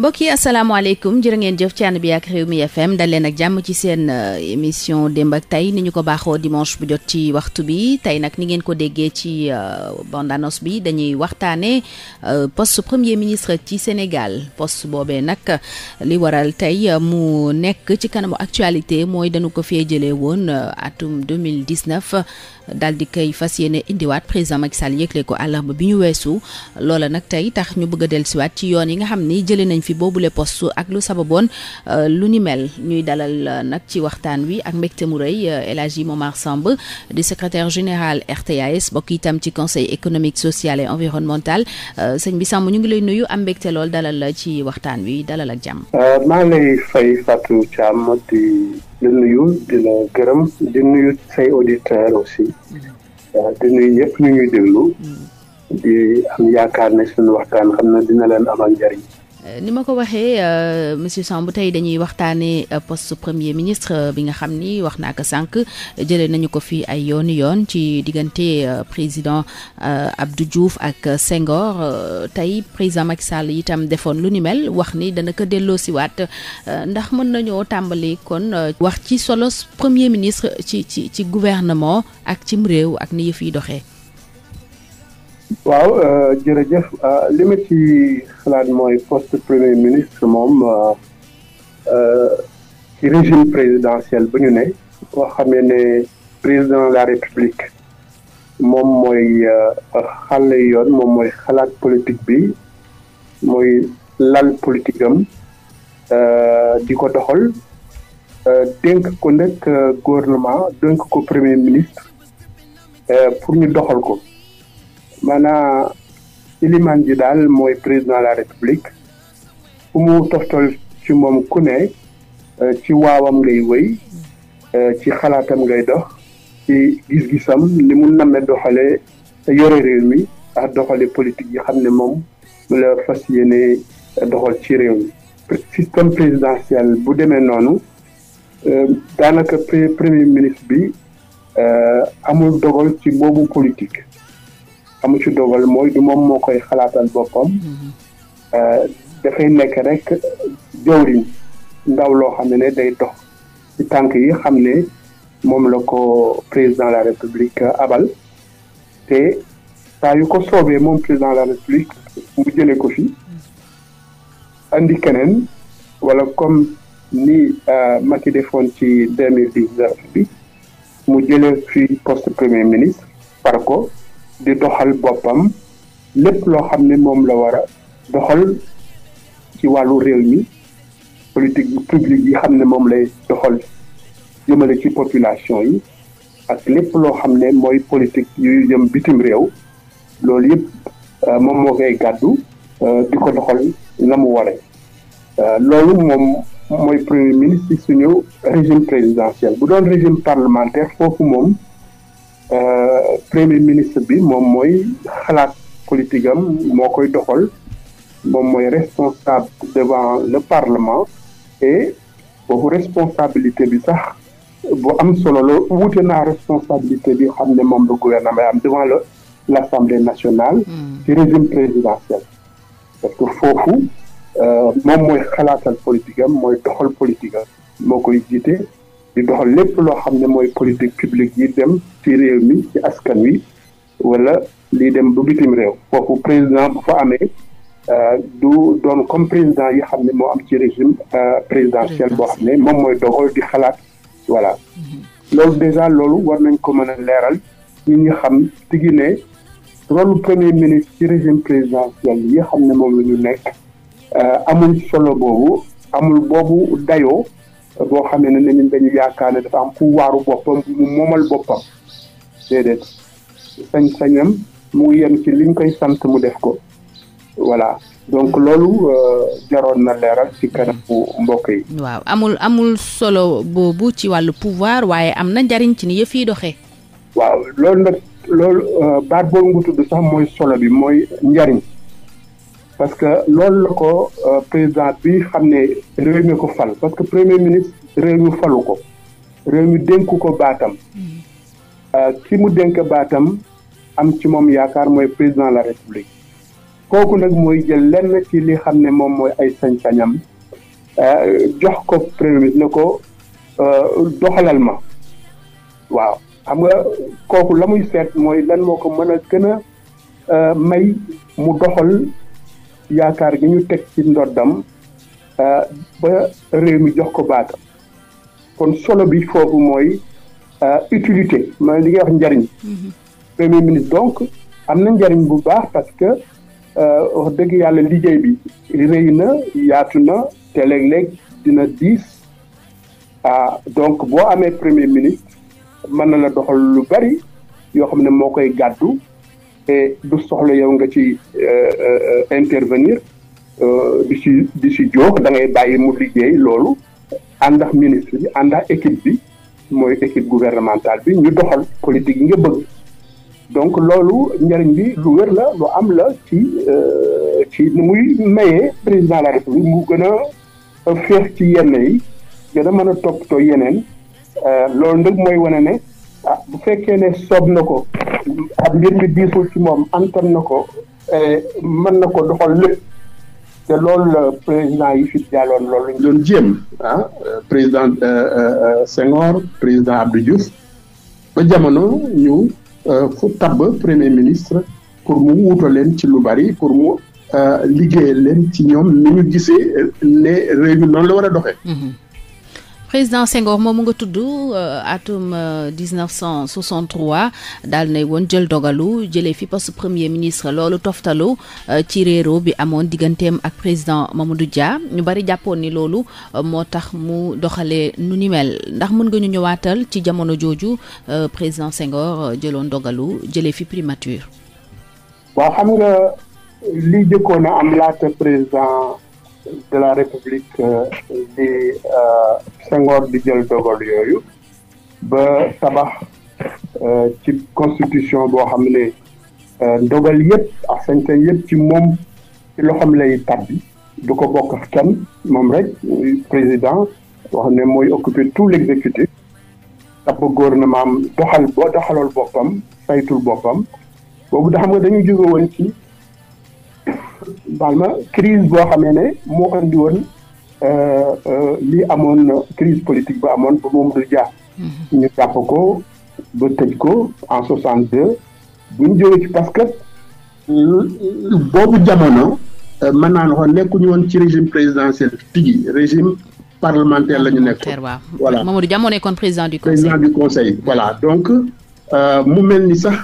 mbokk yi asalaamaaleykum jërë ngeen jëf ci ànd bi ak réew mi FM dal leen ak jàmm ci seen euh, émission démb ak tey ni ñu ko baaxoo dimanche bu jot ci waxtu bi tey nag ni ngeen ko déggee ci euh, bande annonce bi dañuy waxtaane euh, poste premier ministre ci Sénégal post boobee nag li waral tey mu nekk ci kanamu actualité mooy dañu ko fee jëlee woon atum 2019 daal di koy fas yéene indiwaat président Macky Sall yëgle ko àllarba bi ñu weesu loola nag tey tax ñu bëgg a dellusiwaat ci yoon yi nga xam ni jëlee nañ fi boobule poste ak lu sababoon euh, lu ni mel ñuy dalal euh, nag ci waxtaan wi ak mbégte mu rëy euh, El Hadji Momar Samb di secrétaire général RTAS bokk itam ci conseil économique social et environnemental sëñ bi Samb ñu ngi lay nuyu am mbégte lool dalal ci waxtaan wi dalal ak jàmm. la nuyu dina la gërëm di nuyu say auditeurs aussi waaw di nuyu ñëpp ñu ñuy déglu mm. di am yaakaar ne suñu waxtaan xam na dina leen amal njariñ ni ma ko waxee euh, monsieur Samb tey dañuy waxtaanee euh, post premier ministre euh, bi nga xam ni wax naa ko sànq jëlee nañu ko fi ay yooni yoon ci diggante président Abdou juuf ak Senghor tey président Macky Sall itam defoon lu ni mel wax ni dana ko delloosiwaat ndax mën nañoo tàmbali kon wax ci solos premier ministre ci ci ci gouvernement ak cim réew ak ni yëf yi doxee. waaw euh, jërëjëf euh, li ma ci xalaat mooy post premier ministre moom euh, ci régime présidentiel bu ñu ne boo xamee ne président de la république moom mooy xale yoon moom mooy xalaat politique bi mooy lal politique am di ko doxal dénk ko nag gouvernement dénk ko premier ministre pour ñu doxal ko maanaam iliman ji daal mooy président la république fu mu ci moom ku ne euh, ci waawam ngay wëy euh, ci xalaatam ngay dox ci gis-gisam ni mu namme doxale yore réew mi ak doxale politique yi xam ne moom la fas yéene doxal ci réew mi système présidentiel bu demee noonu euh, daanaka premier ministre bi amul dogal ci boobu politique amu ci dogal mooy du moom moo koy xalaatal boppam mm-hmm. euh, dafay nekk rek jawriñ ndaw loo xam ne day dox ci tànk yi xam ne moom la ko président de la république abal te saa yu ko soobe moom président de la république mu jëlee ko fi mm-hmm. andi keneen wala comme ni euh, Macky defoon ci deux mille dix-neuf bi mu jëlee fi poste premier ministre par ko di doxal boppam lépp loo xam ne moom la war a doxal ci wàllu réew mi politique publique yi xam ne moom lay doxal jëmale ci population yi ak lépp loo xam ne mooy politique yuy jëm bitim réew loolu yëpp euh, moom moo koy gàddu euh, di ko doxal na mu waree euh, loolu moom mooy premier ministre ci suñu régime présidentiel bu doon régime parlementaire foofu moom Euh, premier ministre bi moom mooy xalaat politique moo koy doxal moom mooy responsable devant le parlement et boobu responsabilité bi sax bu am solo lo wuute naa responsabilité bi xam ne moom le gouvernement am devant le l' assemblée nationale. Hmm. ci régime présidentiel. parce que foofu euh, moom mooy xalaatal politique am mooy doxal moo koy jiite. di doxal lépp loo xam ne mooy politique publique yi dem ci réew mi ci askan wi wala lii dem bu bitim réew foofu président bu fa amee euh, du doon comme président yi xam ne moo am ci régime euh, présidentiel boo xam ne moom mooy dogal di xalaat voilà mm-hmm. loolu déjà loolu war nañ ko mën a leeral ñi ñu xam tigi ne rôle premier ministre ci régime présidentiel yi xam ne moom la ñu nekk euh, amul solo boobu amul boobu dayo boo xamee ne ne ñun dañu yaakaar ne dafa am pouvoiru boppam mu moomal boppam déedéet sañ-sañam mu yem ci liñ koy sant mu def ko voilà donc loolu euh, jaroon na leeral ci kanam mbokk yi. waaw amul amul solo boobu ci wàllu pouvoir waaye am na njariñ ci ni yëf yi doxee. waaw loolu nag loolu euh, baat boobu nga tudd sax mooy solo bi mooy njariñ. parce que loolu la ko euh, président bi xam ne réew mi ko fal parce que premier ministre réew mi falu ko réew mi dénku ko baatam mm. euh, ki mu dénk baatam am ci moom yaakaar mooy président la république kooku nag mooy jël lenn ci li xam ne moom mooy ay sañ-sañam euh, jox ko premier ministre ne ko doxalal ma waaw xam nga kooku la muy seet mooy lan moo ko mën a gën a may mu doxal yaakaar gi ñu teg ci ndoddam euh, ba réew mi jox ko baatam kon solo bi foofu mooy euh, utilité mooy li ngay wax njariñ mm-hmm. premier ministre donc am na njariñ bu baax parce que euh, wax dëgg yàlla liggéey bi rëy na yaatu na te léeg-léeg dina diis ah donc boo amee premier ministre mën na la doxal lu bari yoo xam ne moo koy gàddu te du soxla yow nga ci euh, euh, intervenir euh, di ci di ci jox dangay bàyyi mu liggéey loolu ànd ak ministre bi ànd équipe bi mooy équipe gouvernementale bi ñu doxal politique yi nga bëgg donc loolu njëriñ bi lu wér la lu am la ci ci muy mayee président la république mu gën a feex ci yenn yi gën a mën a toppatoo yeneen loolu nag mooy wane ne a ah, bu fekkee ne soob na ko a mbir mi diisul ci moom antan na ko eh, mën na ko doxal lépp te loolu la président yi fi jàlloon loolu lañ doon jéem ah président euh, euh, euh, Senghor président Abdou Diouf ba jamono ñu fu tabb premier ministre pour mu wuuta leen ci lu bari pour mu liggéeyal leen ci ñoom ni ñu gisee ne réew mi noonu la war a doxee mm-hmm. président Senghor moomu nga tudd euh, atum 1963 euh, daal nay woon jël dogalu jëlee fi poste premier ministre loolu toftalu euh, ci réeroo bi amoon digganteem ak président Mamadou Dia ñu bari jàppoon ni loolu moo tax mu doxalee nu ni ndax mun nga ñu ñëwaatal ci jamono jooju président Senghor jëloon dogalu jële fi primature. waaw xam nga li jëkkoon a am laata président. de la république euh, di euh, Senghor di jël dogal yooyu ba tabax euh, ci constitution boo xam ne dogal yëpp ak sañ-sañ yëpp ci moom ci loxoom lay tabbi du ko bokk ak kenn moom rek président wax ne mooy occuper tout l'exécutif tabb gouvernement am doxal boo doxalool boppam saytul boppam boobu da nga dañu jóge ci baal ma crise boo xamee ne moo andi woon euh, euh, li amoon crise politique ba amoon ba Mamadou Dia mhm. ñu jàpp ko ba tëj ko en soixante deux bu ñu jógee ci parce que boobu jamono euh, mën naa ne ko nekkuñu woon ci régime présidentiel tigi régime parlementaire la ñu nekk voilà Mamadou Dia moo nekkoon président du conseil président du conseil voilà donc mu mel ni sax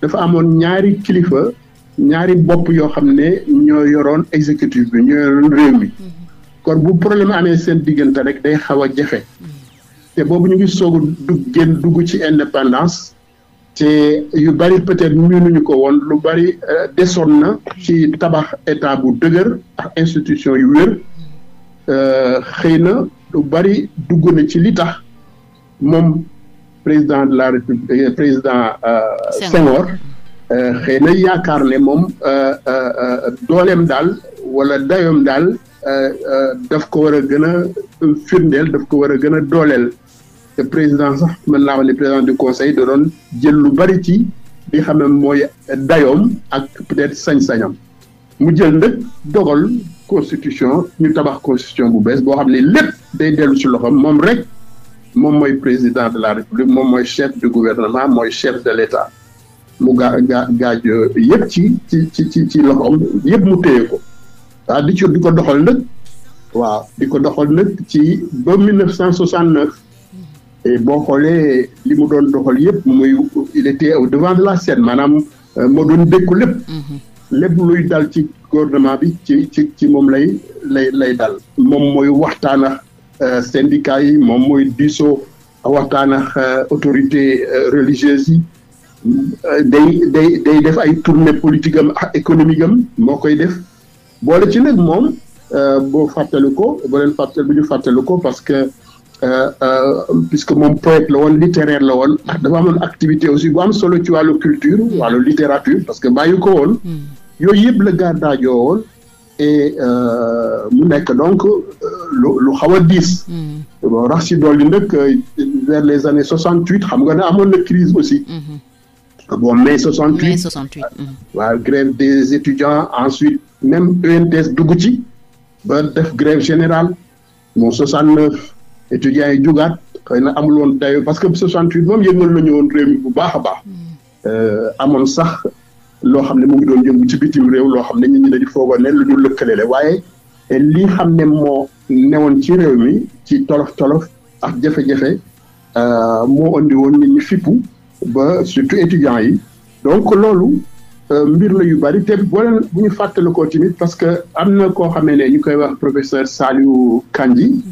dafa amoon ñaari kilifa ñaari bopp yoo xam ne ñoo yoroon exécutif bi ñoo yoroon réew mi mm-hmm. kon bu problème amee seen diggante rek day xaw a jafe mm-hmm. te boobu ñu ngi soog a dugg génn dugg ci indépendance te yu bari peut-être mënuñu ko woon lu bari euh, desoon na ci tabax état bu dëgër ak institution yu wér mm-hmm. euh, xëy na lu bari dugg na ci li tax moom président de la république euh, président Senghor xëy na yaakaar ne moom euh, euh, euh, dooleem daal wala dayoom daal daf ko war a gën a firndeel daf ko war a gën a dooleel te président sax mën naa wax ne président du conseil da doon jël lu bari ci li xam ne mooy dayoom ak peut-être sañ-sañam mu jël nag dogal constitution ñu tabax constitution bu bees boo xam ne lépp day dellu ci loxoom moom rek moom mooy président de la république moom mooy chef du gouvernement mooy chef de l'État mu gaa gaa gaaj euh, yëpp ci ci ci ci ci yëpp mu téye ko waaw di ci di ko doxal nag waaw di ko doxal nag ci ba 1969 et boo xoolee li mu doon doxal yëpp muy il était devant la scène maanaam euh, moo doon dékku lépp. Mhm. lépp luy dal ci gouvernement bi ci ci ci moom lay lay lay dal. moom mooy waxtaan ak euh, syndicat yi moom mooy diisoo waxtaan ak autorité religieuse yi. day day day def ay tournée politique am ak économique am moo koy def boole ci nag moom euh, boo fàttali ko boo leen fàttali ñu fàttali ko parce que euh, euh, puisque moom poète la woon littéraire la woon dafa amoon activité aussi bu am solo ci wàllu culture wàllu littérature parce que bàyyi ko woon hmm. yooyu yëpp la gàddaajoo woon et mu nekk donc lu lu xaw a diis bon hmm. rax ci dolli nag vers les années soixante huit xam nga ne amoon na crise aussi hmm. bon mai 68 mai 68. waaw mm. grève des étudiants ensuite même des dugg ci ba def grève générale bon 69 étudiants yi jugaat xëy na amul woon dayo parce que 68 moom yëngal nañu woon réew mi bu baax a baax. Mm. Euh, amoon sax loo xam ne mu ngi doon yëngu ci bitim réew loo xam ne ñu dañu foogoon ne lu ñu lëkkale la waaye li xam ne moo newoon ci réew mi ci tolof tolof ak jafe-jafe euh, moo andi woon nit ñi fippu. ba surtout étudiants yi donc loolu euh, mbir la yu bari te boo leen bu ñu fàttalikoo tamit parce que am na koo xamee ne ñu koy wax professeur Saliou Kandji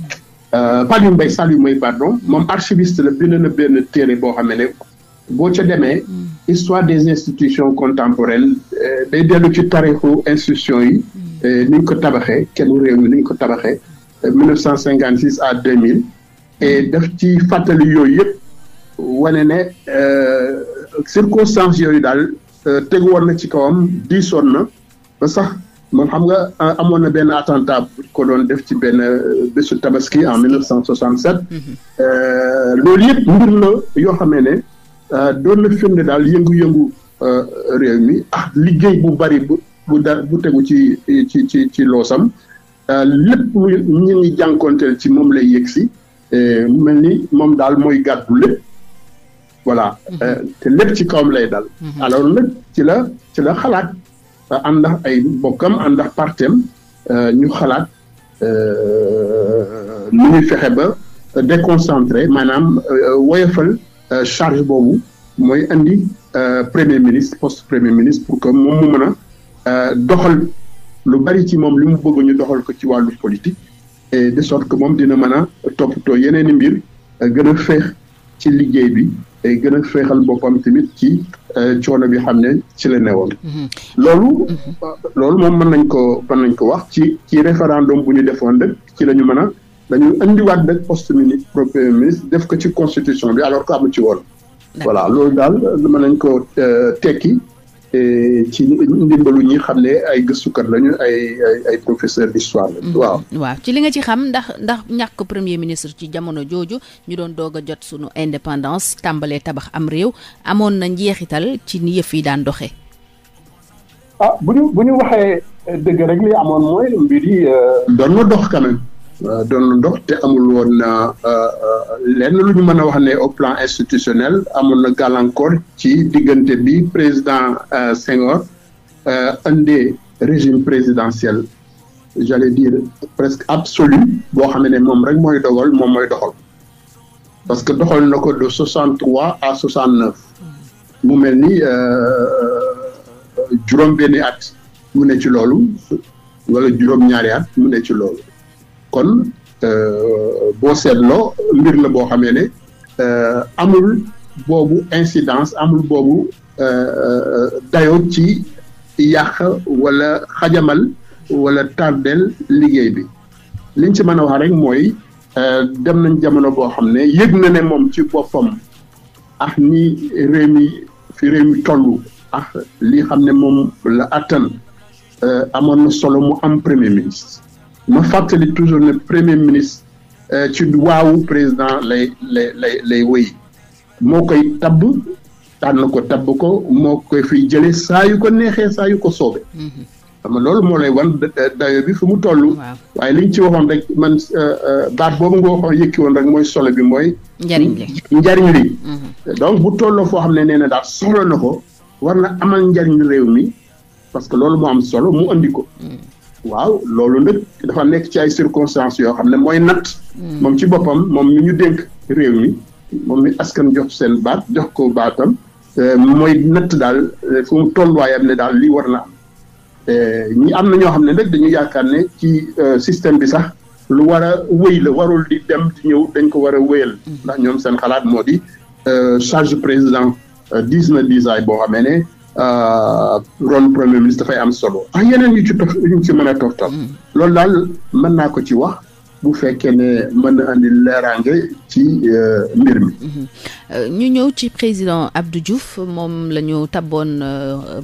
euh, Paliou Mbaye yu Mbaye pardon moom archiviste la bind na benn téere boo xamee ne boo ca demee mm. histoire des institutions contemporaines euh, day dellu ci tarixu institutions yi mm. ni ko tabaxee kenn réew mi ni ko tabaxee cent cinquante 1956 à 2000 et mm. daf ci fàttali yooyu yëpp wane ne euh, circonstances yooyu daal euh, tegu woon na ci kawam diisoon na ba sax moom xam nga euh, amoon na benn attentat bu ko doon def ci benn bésu tabaski en 1967. Mhm. loolu yëpp mbir la yoo xam ne doon na firnde daal yëngu-yëngu réew mi ah liggéey bu bari bu bu da tegu ci ci ci ci loosam lépp ñu ñu jànkonteel ci moom lay yegg si mu mel ni moom daal mooy gàddu lépp. voilà mhm. euh, te lépp ci kawam lay dal mhm. alors ci la ci la xalaat ànd ak ay bokkam ànd ak partem euh, ñu xalaat euh, nu muy fexe ba déconcentré maanaam woyofal charge boobu mooy andi premier ministre poste premier ministre pour que moom mu mën a doxal lu bari ci moom li mu bëgg ñu doxal ko ci wàllu politique et de sorte que moom dina mën a toppatoo yeneen i mbir gën a feex ci liggéey bi day gën a féexal boppam tamit ci euh, coono bi xam ne ci la newoon. Mhm. loolu. Mhm. loolu moom mën nañ ko mën nañ ko wax ci ci référendum bu ñu defoon rek ci la ñu mën a dañu indiwaat rek poste ministre premier ministre def ko ci constitution bi alors que amu ci woon. voilà loolu daal mën nañ ko euh, tekki. ci ndimbalu ñi xam ne ay gëstukat lañu ay professeur d'histoire la mhm. waaw. ci li nga ci xam ndax ndax ñàkk premier ministre ci jamono jooju ñu doon doog a jot sunu indépendance tàmbalee tabax am réew amoon na njeexital ci ni yëf yi daan doxee. ah bu ñu bu ñu waxee dëgg rek li amoon mooy mbir yi. Euh, doon na dox quand Euh, doon lu ndox te amul woon euh, euh, lenn lu ñu mën a wax ne au plan institutionnel amoon na gàllankoor ci diggante bi président Senghor indee régime présidentiel j'allais dire presque absolu boo xam ne moom rek mooy dogal moom mooy doxal parce que doxal na ko de 63 à 69 mu mel ni juróom-benni at mu ne ci loolu wala juróom-ñaari at mu ne ci loolu. kon euh, boo seetloo mbir la boo xamee ne euh, amul boobu incidence amul boobu euh, dayo ci yàq wala xajamal wala tardel liggéey bi liñ ci mën a wax rek mooy dem nañ jamono boo xam ne yëg na ne moom ci boppam ak ah, ni réew mi fi réew mi toll ak ah, li xam ne moom la attan amoon na solo mu am premier ministre ma fàttali toujours ne premier ministre euh, ci waawu président lay lay lay lay wéy moo koy tabb tànn ko tabb ko moo koy fiy jëlee saa yu ko neexee saa ko soobe mhm. xam loolu moo lay wan dayo bi fi mu toll. waaye liñ ñu ci waxoon rek man euh, euh, baat boobu nga waxoon yëkki woon rek mooy solo bi mooy. njariñ li njariñ li. Mhm. donc bu tolloo foo xam ne nee na daal soxla na ko war na njariñ réew mi parce que loolu moo am solo mu indi ko. Mhm. waaw loolu nag dafa nekk ci ay circonstances yoo xam ne mooy natt. Hmm. moom ci boppam moom mi ñu dénk réew mi moom mi askan jox seen baat jox ko baatam euh, mooy natt daal euh, fu mu tolluwaayam ne daal lii war na am euh, am na ñoo xam ne nag dañu yaakaar ne ci système bi sax lu war a wéy la warul di dem di ñëw dañ ko war a wéyal. Hmm. ndax ñoom seen xalaat moo di charge président diis na diisaay boo xamee ne. Euh, rôle premier ministre dafay am solo ak yeneen yu ci tof mën a toftal hmm. loolu daal mën naa ko ci wax bu fekkee ne mën na andi leeraange ci euh, mbir mi. Hmm. Euh, ñu ñëw ci président Abdou Diouf moom la ñu tabboon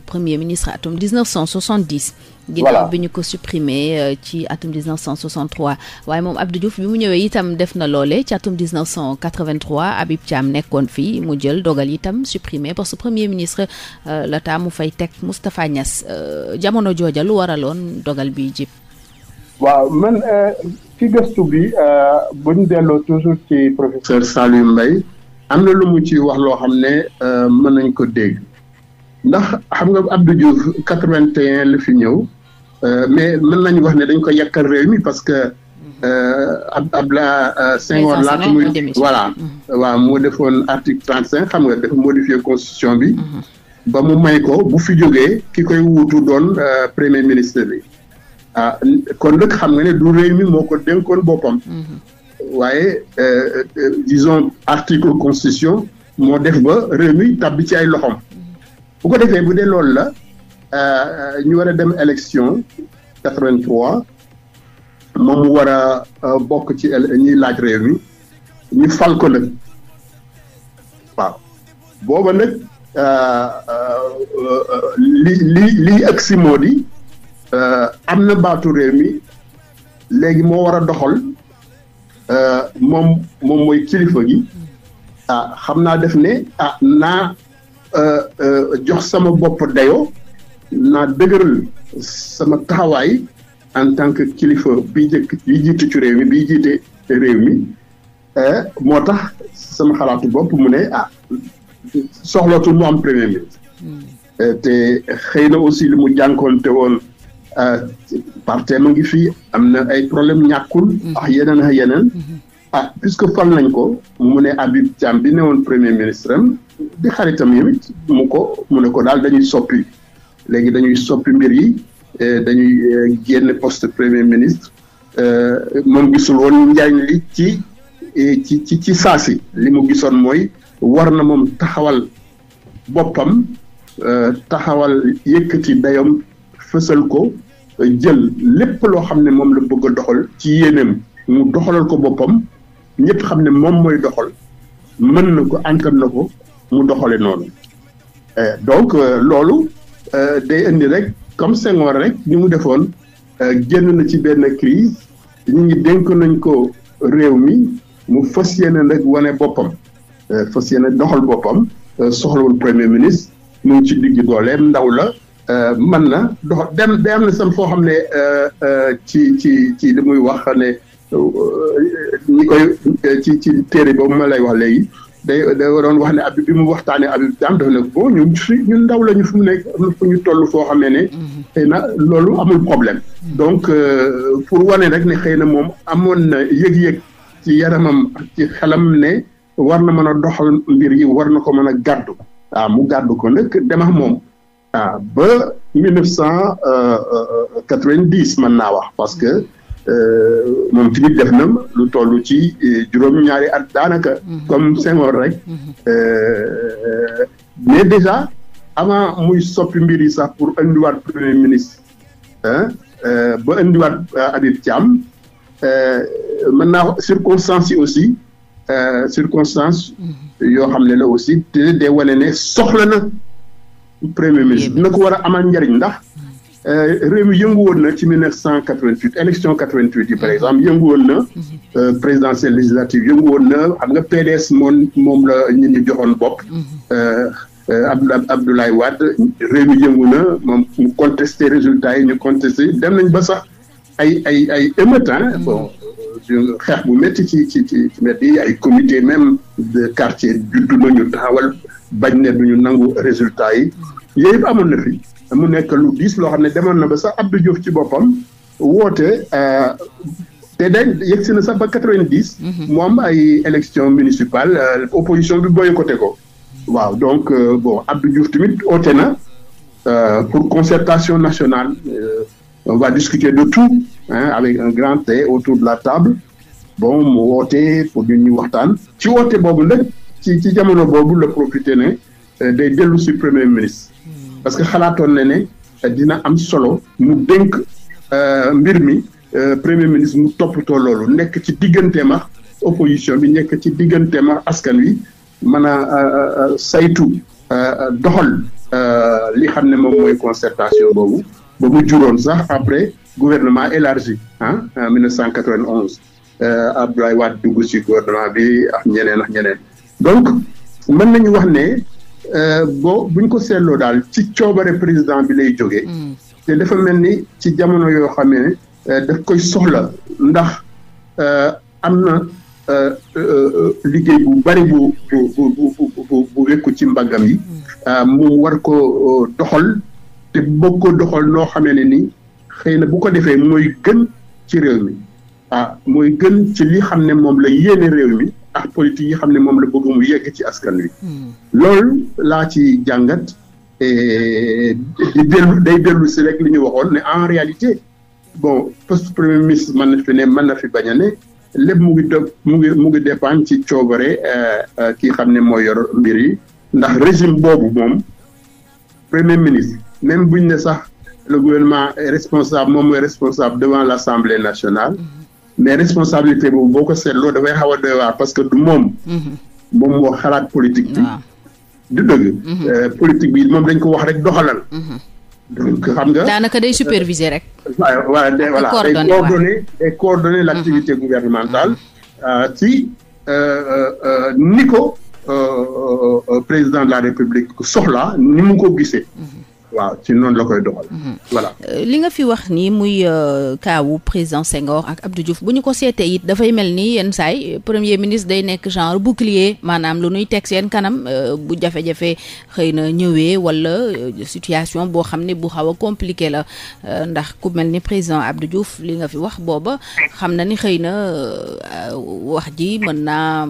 premier ministre atum 1970. ginnaaw bi ñu ko supprimé euh, ci atum 1963 waaye moom Abdou Diouf bi mu ñëwee itam def na loole ci atum 1983 Habib Thiam nekkoon fii mu jël dogal itam supprimé parce que premier ministre euh, la taa mu fay teg Moustapha Niass euh, jamono jooja lu waraloon dogal bi jib waaw man ci gëstu bi buñ delloo toujours ci professeur Saliou Mbaye am na lu mu ci wax loo xam ne mën nañ ko dégg ndax xam nga Abdou Diouf 81 fi ñëw Euh, mais mën nañu wax ne dañ ko yàkkal réew mi parce que euh, ab Abdoulaye euh, Senghor laata muy voilà mm-hmm. waaw moo defoon article trente cinq xam nga dafa modifier constitution bi mm-hmm. ba mu may ko bu fi jógee ki koy wuutu doon premier ministre bi ah kon nag xam nga ne du réew mi moo ko dénkoon boppam mm-hmm. waaye disons article constitution moo def ba réew mi tàbbi ci ay loxoom bu ko defee bu de loolu la Euh, ñu war a dem élection 83 moom mu war a euh, bokk ci ñuy laaj réew mi ñu fal ko nag waaw booba nag euh, li li liy ëgg si moo am na baatu réew mi léegi moo war a doxal moom moom mooy kilifa gi ah xam naa def ne ah naa jox sama bopp dayo naa dëgëral sama taxawaay en tant que kilifa bi njëkk bi jiite ci réew mi bi jiite réew mi eh, moo tax sama xalaatu bopp mu ne ah soxlootul mu am premier ministre hmm. eh, te xëy na aussi li mu jànkoonte woon eh, parti ma ngi fii am na ay problème ñàkkul hmm. ak yeneen ak yeneen hmm. ah puisque fal nañ ko mu ne Habib Thiam bi ne woon premier ministre di xaritam yamit mu ko mu ne ko daal dañuy soppi léegi dañuy soppi mbir yi eh, dañuy eh, génn poste premier ministre eh, moom gisul woon njariñ li ci ci ci ci saasi li mu gisoon mooy war na moom taxawal boppam taxawal yëkkati dayoom fësal ko jël lépp loo xam ne moom la bëgg doxal ci yéeneem mu doxalal ko boppam ñëpp xam ne moom mooy doxal mën na ko antal na ko mu doxale noonu donc loolu Euh, day indi rek comme Senghor rek ni mu defoon euh, génn na ci benn crise ñu ngi dénk nañ ko réew mi mu fas yéene nag wane boppam euh, fas yéene doxal boppam soxlawul premier ministre mu ci digg dooleem ndaw la man na dox dem day am na sam foo xam ne ci ci ci li muy wax ne ñi koy ci ci téere boobu ma lay wax léegi day da waroon wax ne abbi bi mu waxtaanee Habib Thiam dafa ne ñu ñun ñun ndaw lañu fu mu nekk fu ñu toll foo xamee ne ne. xëy na loolu amul problème. donc euh, pour wane rek ne xëy na moom amoon na yëg-yëg ci yaramam ak ci xelam ne war na mën a doxal mbir yi war na ko mën a gàddu. waaw ah, mu gàddu ko nag dem ak moom. waaw ah, ba euh, euh, dix mën naa wax parce que. Euh, moom tamit def na lu toll ci euh, juróom-ñaari at daanaka. Mhm. comme Senghor rek. Mhm. Euh, mais déjà avant muy soppi mbir yi sax pour indiwaat premier ministre ba indiwaat Habib Thiam maintenant circonstances yi aussi circonstances mhm. yoo xam ne la aussi te day wane ne soxla na premier ministre dina ko war a amal njariñ ndax. Euh, réew mi yëngu woon na ci cent 1988 élection 88 yi par mhm. exemple yëngu woon na euh, présidentielle législative yëngu woon na xam nga PDS moom moom la ñu ñu joxoon bopp. Mhm. Euh, Abdoulaye Abdoulaye Wade réew mi yëngu na moom mu contesté résultats yi ñu contesté dem nañ ba sax ay ay ay émeutants mhm. bon. xeex bu métti ci ci ci yi ay comité même de quartier juddu nañu taxawal bañ ne ñu nangu résultat yi yooyu amoon na fi mu nekk lu diis loo xam ne demoon na ba sax Abdou Diouf ci boppam woote euh, te dañ yegg si na sax ba quatre-vingt-dix mhm. mu am ay élection municipale euh, opposition bi boycotté ko waaw donc euh, bon Abdou Diouf tamit oote na pour concertation nationale on va discuter de tout hein, avec un grand thé autour de la table bon mu woote pour ñun ñu waxtaan ci woote boobu nag ci ci jamono boobu la profité ne day dellu si premier ministre parce que xalaatoon na ne dina am solo mu dénk euh, mbir mi euh, premier ministre mu toppatoo loolu nekk ci digganteem ak opposition bi nekk ci digganteem ak askan wi mën a euh, saytu doxal li xam ne moom mooy concertation boobu ba mu juróon sax après gouvernement élargi ah en 1991 Abdoulaye Wade dugg ci gouvernement bi ak ñeneen ak ñeneen donc mën nañu wax ne. Euh, bo buñ ko seetloo daal ci coobare président bi lay jóge mm. te dafa mel ni ci jamono yoo xam ne euh, daf koy soxla ndax euh, am na liggéey bu bari bu bu bu bu bu wekku ci mbaggam yi. Mm. mu war ko doxal te bëgg ko doxal noo xamee ne ni xëy na bu ko defee mooy gën ci réew mi ah, mooy gën ci li xam ne moom la yéene réew mi. ak politique yi xam ne moom la bëgg mu yegg ci askan wi. loolu laa ci jàngat et day dellu si rek li ñu waxoon ne en réalité bon poste premier ministre mën na fi ne mën na fi bañ a ne lép mu ngi mu ngi mu ngi dépendre ci coobare euh, euh, kii xam ne mooy yor mbir yi ndax régime boobu moom premier ministre même buñ ne sax le gouvernement est responsable moom mooy responsable devant l'Assemblée nationale. mais responsabilité boobu boo ko seetloo dafay xaw a doy waar parce que du moom. Mhm. moom moo xalaat politique bi. du dëgg. Mhm. Euh, politique bi moom dañ ko wax rek doxalal. Mhm. xam nga. daanaka day superviser rek. voilà day coordonner day coordonner l' activité gouvernementale. Euh, ci euh, ni ko président de la république soxla ni mu ko waaw ci noonu la koy doxal. Mhm. Euh, li nga fi wax nii muy euh, kaawu président Senghor ak Abdou Diouf bu ñu ko seetee it dafay mel ni yenn saay premier ministre day nekk genre bu bouclier maanaam lu nuy teg seen kanam euh, bu jafe-jafe xëy na ñëwee wala situation boo xam ne bu xaw a compliqué la ndax ku mel ni président Abdou Diouf li nga fi wax booba xam na ni xëy na wax ji mën naa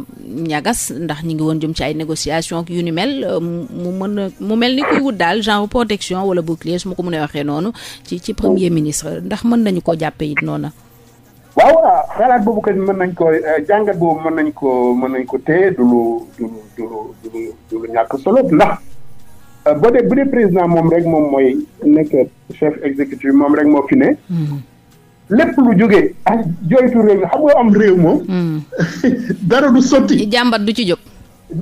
ñagas ndax ñu ngi woon jëm ci ay négociation yu ni mel mu mën mu mel ni kuy wut daal genre protection wala bouclier su ma ko mënee waxee noonu ci ci premier ministre ndax mën nañ ko jàppe it noonu. waaw xalaat boobu kat mën nañ koo euh, jàngat boobu mën nañ koo mën nañ ko téye du lu du ñàkk solo ndax euh, boo bu dee président moom rek moom mooy nekk chef exécutif moom rek moo fi ne. Hmm. lépp lu jóge ak jooytu réew mi xam nga am réew moom. Hmm. dara du sotti. jàmbat du ci jóg.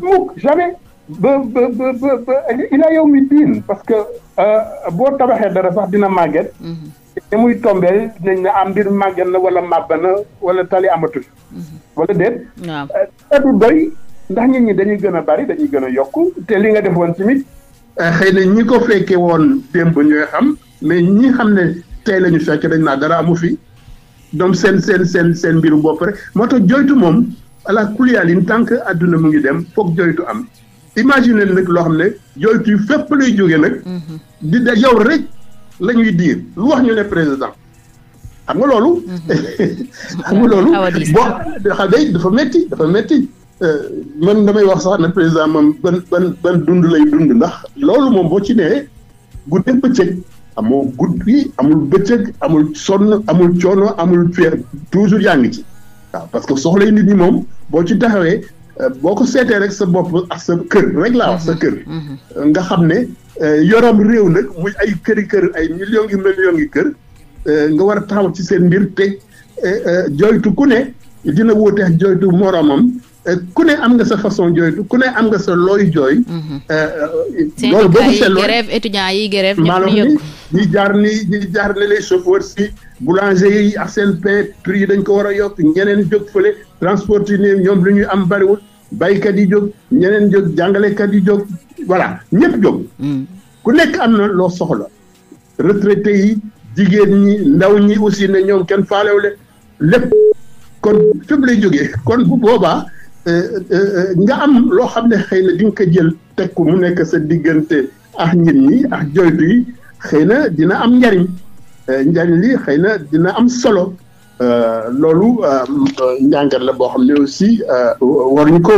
mukk jamais. ba ba ba ba ilaa yow mi diin parce que euh, boo tabaxee dara sax dina màgget. Mm-hmm. te muy tombé dinañ ne am mbir màgget na wala màbba na wala tali amatul. Mm-hmm. wala déet. waaw euh, du doy ndax nit ñi dañuy gën a bari dañuy gën a yokku te li nga defoon simit euh, xëy na ñi ko fekkee woon démb ñooy xam mais ñi xam ne tey la ñu fekk dañ naa dara amu fi donc seen seen seen seen mbiru bopp moo tax joytu moom ala kuliyaalin tant que àdduna mu ngi dem foog joytu am. imagine nag loo xam ne yooyu kii fépp lay jógee nag. di de yow rek la ñuy diir lu wax ñu ne président xam nga loolu. xam nga loolu. boo xam day dafa metti dafa metti euh, man damay wax sax ne président man ban ban ban dund lay dund ndax loolu moom boo ci nee guddeeg bëccëg amoo guddi amul bëccëg amul sonn amul coono amul feer toujours yaa ngi ci waaw parce que soxlay nit ñi moom boo ci taxawee Euh, boo ko seetee rek sa bopp ak sa kër rek la wax sa mhm. kër mhm. nga xam ne euh, yorom réew nag muy ay këri kër ay million ngi million ngi kër euh, nga war a taxaw ci seen mbir te jooytu ku ne dina wóote ak jooytu moroomam ku ne am nga sa façon jooytu ku ne am nga sa looy jooy. Mhm. Euh, loolu boo ko seetloo grève étudiants ñu jaar ni ñi jaar ni les chauffeurs si boulanger yi ak yi dañ ko war a yokk ñeneen jóg fële transport yi ñoom lu ñuy am bariwul baykat yi jóg ñeneen jóg jàngalekat yi jóg voilà ñëpp jóg. Mm. ku nekk am na loo soxla retraité yi jigéen ñi ndaw ñi aussi ne ñoom kenn faalewle lépp kon fépp lay jógee kon bu nga am loo xam ne xëy na di nga ko jël teg ko mu nekk sa diggante ak nit ñi ak joytu yi xëy na dina am njariñ eh, njariñ li xëy na dina am solo eh, loolu eh, njàngat la boo xam ne aussi waruñu ko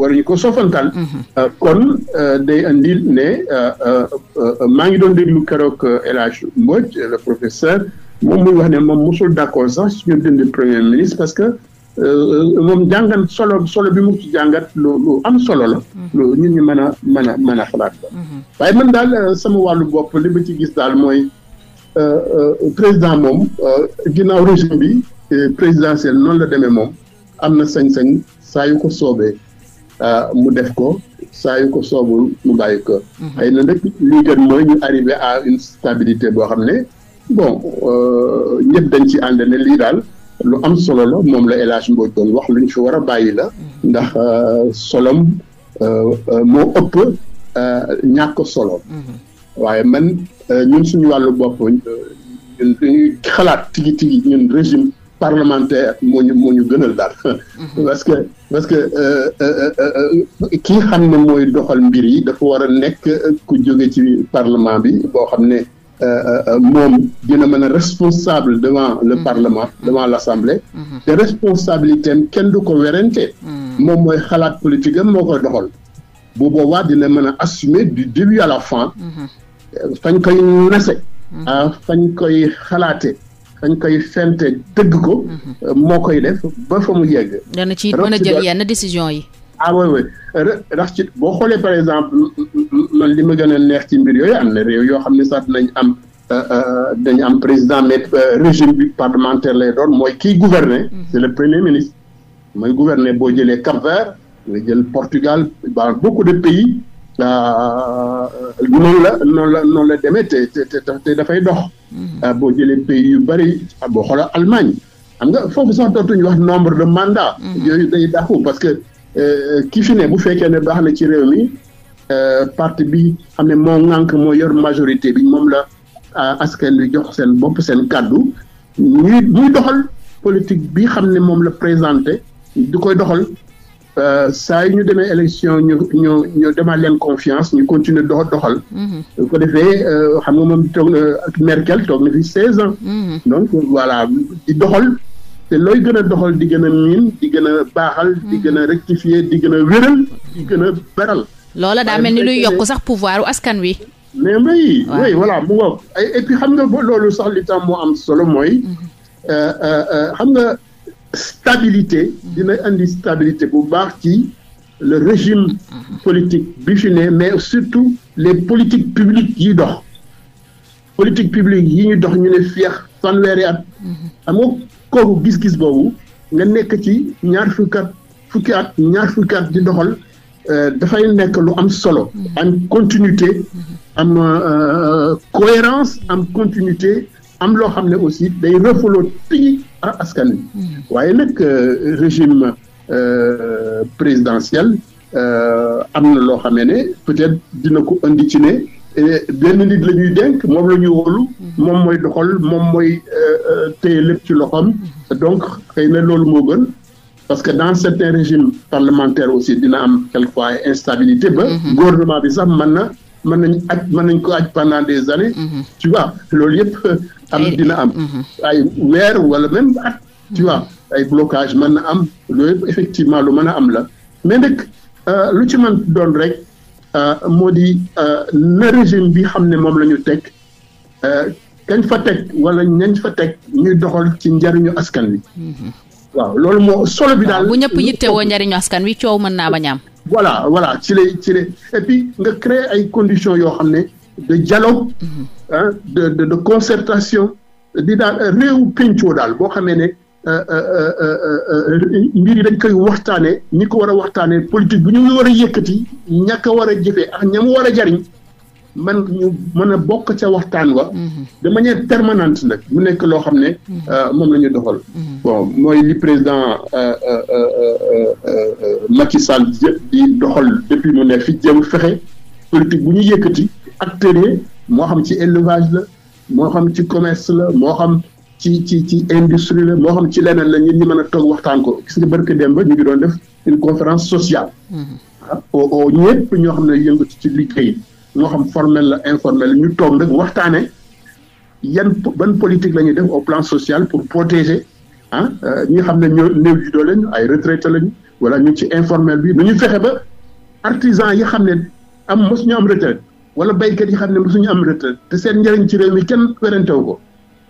waruñu ko sofantal mhm. kon day andi ne maa ngi doon déglu keroog El Hadj Mbodj le professeur moom muy wax ne moom mosul d'accord sax suñu dindi premier ministre Euh, moom jàngat solo solo bi mu ci jàngat lu lu am solo la. Mm-hmm. lu nit ñi mën a mën a mën a xalaat la. Mm-hmm. waaye man daal euh, sama wàllu bopp li ma ci gis daal mooy euh, président moom ginnaaw régime bi présidentiel noonu la demee moom am na sañ-sañ saa yu ko soobee mu def ko saa yu ko soobul mu bàyyi ko. Mm-hmm. xëy na nag li gën mooy ñu arrivé à une stabilité boo xam ne bon ñëpp dañ ci ànd ne lii daal. lu am solo la moom la El Hadj Mbodj doon wax lu ñu fi war a bàyyi la ndax euh, solom euh, euh, moo ëpp ñàkk solo mm-hmm. waaye man ñun suñu wàllu bopp ñun dañuy xalaat tigi tigi ñun régime parlementaire ñu moo ñu gënal daal mm-hmm. parce que parce que kii xam ne mooy doxal mbir yi dafa war a nekk ku jóge ci parlement bi boo xam ne Euh, euh, moom dina mën a responsable devant le mm-hmm. parlement devant mm-hmm. l'assemblée mm-hmm. te responsabilité kenn du ko werante moom mooy xalaat politique am moo koy doxal bu boobaa dina mën a assumer du début à la fin fañ koy nase ah, fañ koy xalaate fañ koy fente dëgg ko euh, moo koy def ba fa mu yegg dana ci mën a jël yenn décision yi ah oui oui rax ci boo xoolee par exemple man li ma gën neex ci mbir yooyu am na réew yoo xam ne sax dinañ am euh, euh, dañu am président mais euh, régime bi parlementaire lay dool mooy kiy gouverner. Mm-hmm. c'est le premier ministre. mooy gouverner boo jëlee Cap-Vert nga jël Portugal ba beaucoup de pays noonu la noonu la noonu la demee te te dafay dox. Mm-hmm. boo jëlee pays yu bari boo xoolee Allemagne xam nga foofu sax dootuñu wax nombre de mandats. Mm-hmm. yooyu parce que. Euh, ki fi ne bu fekkee ne baax na ci réew mi euh, parti bi xam ne moo ŋànk moo yor majorité bi moom la euh, askan wi jox seen bopp seen kàddu ñuy muy doxal politique bi xam ne moom la présenté du koy doxal saa yi ñu demee élection ñu ñu ñu demaat leen confiance ñu continuer dox doxal. bu mhm. ko defee xam nga moom toog Merkel toog na fi seize ans. Mhm. donc voilà di doxal. te looy gën a doxal di gën a miin di gën a baaxal. di gën a mm-hmm. rectifier di gën a wéral di gën a beral. loola daa mel ni luy yokk sax pouvoir askan wi. mais mbay. waaw voilà mu ay et puis xam nga loolu sax li tam moo am solo mooy. Mm-hmm. Euh, euh, euh, xam nga stabilité. Mm-hmm. dina indi stabilité bu baax ci. le régime politique bi fi ne mais surtout les politiques publiques yi dox politique publique yi ñu dox ñu ne feex fanweeri at xam nga kooku gis-gis boobu nga nekk ci ñaar fukki at fukki ñaar fukki at di doxal euh, dafay nekk lu am solo. Mm-hmm. am continuité mm-hmm. am euh, cohérence am continuité am loo xam ne aussi day refuloo tigi askan wi mm-hmm. waaye nag euh, régime présidentiel am na loo xam ne peut-être dina ko indi ci ne. Eh, benn nit la ñuy dénk moom la ñuy wóolu moom mooy doxal moom mooy euh, euh, téye lépp ci loxoom donc xëy na loolu moo gën parce que dans certains régimes parlementaires aussi dina am quelquefois instabilité ba mm-hmm. gouvernement bi sax man na mën nañ aj mën nañ ko aj pendant des années mm-hmm. tu vois loolu yëpp am dina am mm-hmm. ay weer wala même at tu vois ay blocage mën na am loolu yëpp effectivement lu mën a am la mais nag euh, lu ci man doon rek Euh, moo di na euh, régime bi xam ne moom lañu teg euh, kañ fa teg wala ñañ fa teg ñuy doxal ci njariñu askan wi. Mhm. loolu moo solo bi daal. bu ñëpp yittewoo njariñu askan wi coow mën naa ba ñaam. voilà voilà ci lay ci lay et nga créer ay conditions yoo xam ne de dialogue. Mhm. de de concertation di daal réew pencoo daal boo xamee ne. Euh, euh, euh, mbir yi dañ koy waxtaanee ñi ko war a waxtaanee politique bu ñu war a yëkkati ñàkk a war a jëfee ak ña war a jariñ man ñu mën a bokk ca waxtaan wa mhm. de manière permanente nag mu nekk loo xam ne mhm. moom la ñu doxal mhm. bon mooy li président Macky Sall di doxal depuis mu ne fi jéem fexe politique bu ñu yëkkati acteur yi moo xam ci élevage la moo xam ci commerce la moo xam ci ci ci industrie la moo xam ci leneen la ñun ñu mën a toog waxtaan ko gis nga barke Demba ñu ngi doon def une conférence sociale. Mm-hmm. ah oo oo ñëpp ñoo xam ne yëngatu ci liggéey moo xam formel la informel la ñu toog nag waxtaanee yan ban politique la ñuy def au plan social pour protéger ah euh, ñi xam ne ñoo néew ji doole ñu ay retraité lañu wala ñu ci informel bi nu ñu fexe ba artisan yi xam ne am mosuñu am retraite wala béykat yi xam ne mosuñu am retraite te seen njëriñ ci réew mi kenn werantewu ko.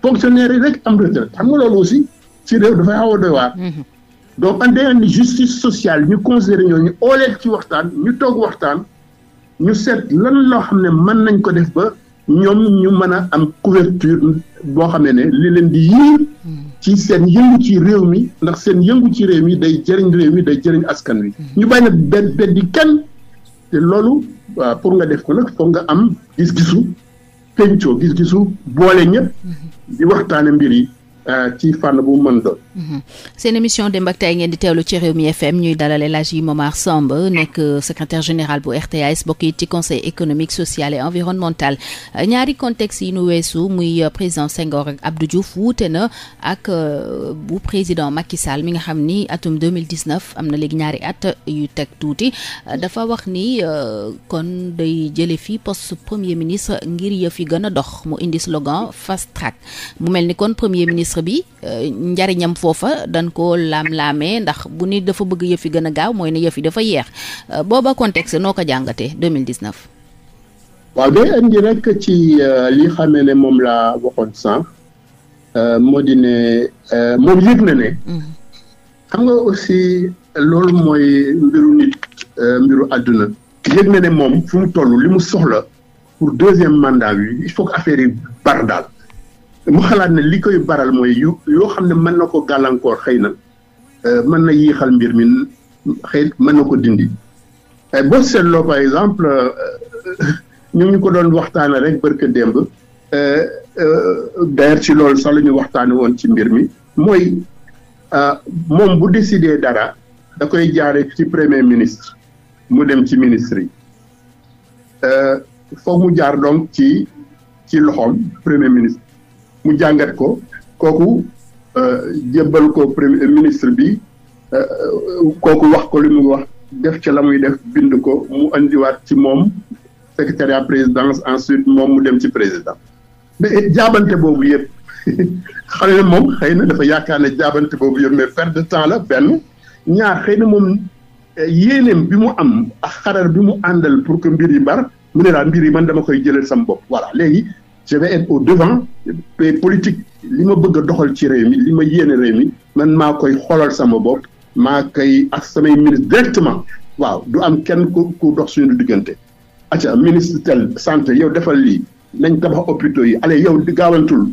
fonctionnaire yi rek am retraite xam nga loolu aussi ci réew dafay xaw a doy waar mhm. donc an day ni justice sociale ñu ñoo ñu ooleet ci waxtaan ñu toog waxtaan ñu seet lan loo xam ne mën nañ ko def ba ñoom ñu mën a am couverture boo xam ne li leen di yiir ci seen yëngu ci réew mi ndax seen yëngu ci réew mi day jëriñ réew mi day jëriñ askan wi mhm. ñu bañ a bedd beddi kenn te loolu waa pour nga def ko nag foog nga am gis-gisu pencoo gis-gisu boole ñëpp di waxtaane mbir yi euh, ci fànn bu mën doon Mhm. seen émission Demb ak Tay ngeen di teewlu ci mi FM ñuy dalal El Hadji Momar Samb nekk secrétaire général bu RTA-S bokk ci conseil économique social et environnemental ñaari contexte yi nu weesu muy euh, président Senghor ak Abdou Diouf wuute na ak euh, bu président Macky Sall mi nga xam ni atum 2019 am na léegi ñaari at yu teg tuuti dafa wax ni euh, kon day jële fi post premier ministre ngir yëf yi gën a dox mu indi slogan fast track mu mel ni kon premier ministre bi njariñam foofa dañ ko laam-laamee ndax bu ni dafa bëgg yëf yi gën a gaaw mooy ne yëf yi dafa yeex euh, booba contexte noo ko jàngatee 2019. waaw day indi rek ci euh, li xamee ne moom laa waxoon sànq euh, moo di ne moom yëg na ne. Mm-hmm. xam nga aussi loolu mooy mbiru nit mbiru àdduna. yëg na ne moom fu mu toll li mu soxla pour deuxième mandat bi il faut que affaire yi bar daal. mu xalaat ne li koy baral mooy yoo xam ne mën na ko gàllankoor xëy na euh, mën na yéexal mbir mi xëy mën na ko dindi boo seetloo par exemple euh, ñu ngi ko doon waxtaane rek barka démb euh, d'ailleurs ci loolu sax la ñu waxtaane woon ci mbir mi mooy moom bu décidé dara da koy jaare ci premier ministre mu dem ci ministre yi foog mu jaar donc ci ci loxoom premier ministre mu jàngat ko kooku euh, jébbal ko premier ministre bi euh, kooku wax ko li mu wax def ca la muy def bind ko mu indiwaat ci moom secrétariat présidence ensuite moom mu dem ci président mais jaabante boobu yëpp xale na moom xëy na dafa yaakaar ne jaabante boobu yëpp mais perte de temps la benn ñaar xëy na moom euh, yéeneem bi mu am ak xarar bi mu àndal pour que mbir yi bar mu ne laa mbir yi man dama koy jëlal sam bopp voilà léegi je vais être au devant politique li ma bëgg a doxal ci réew mi li ma yéene réew mi man maa koy xoolal sama bopp maa koy ak samay ministre directement waaw du am kenn ku ku dox suñu diggante acca ministre tel santé yow defal lii nañ tabax hôpitaux yi allez yow gaawantul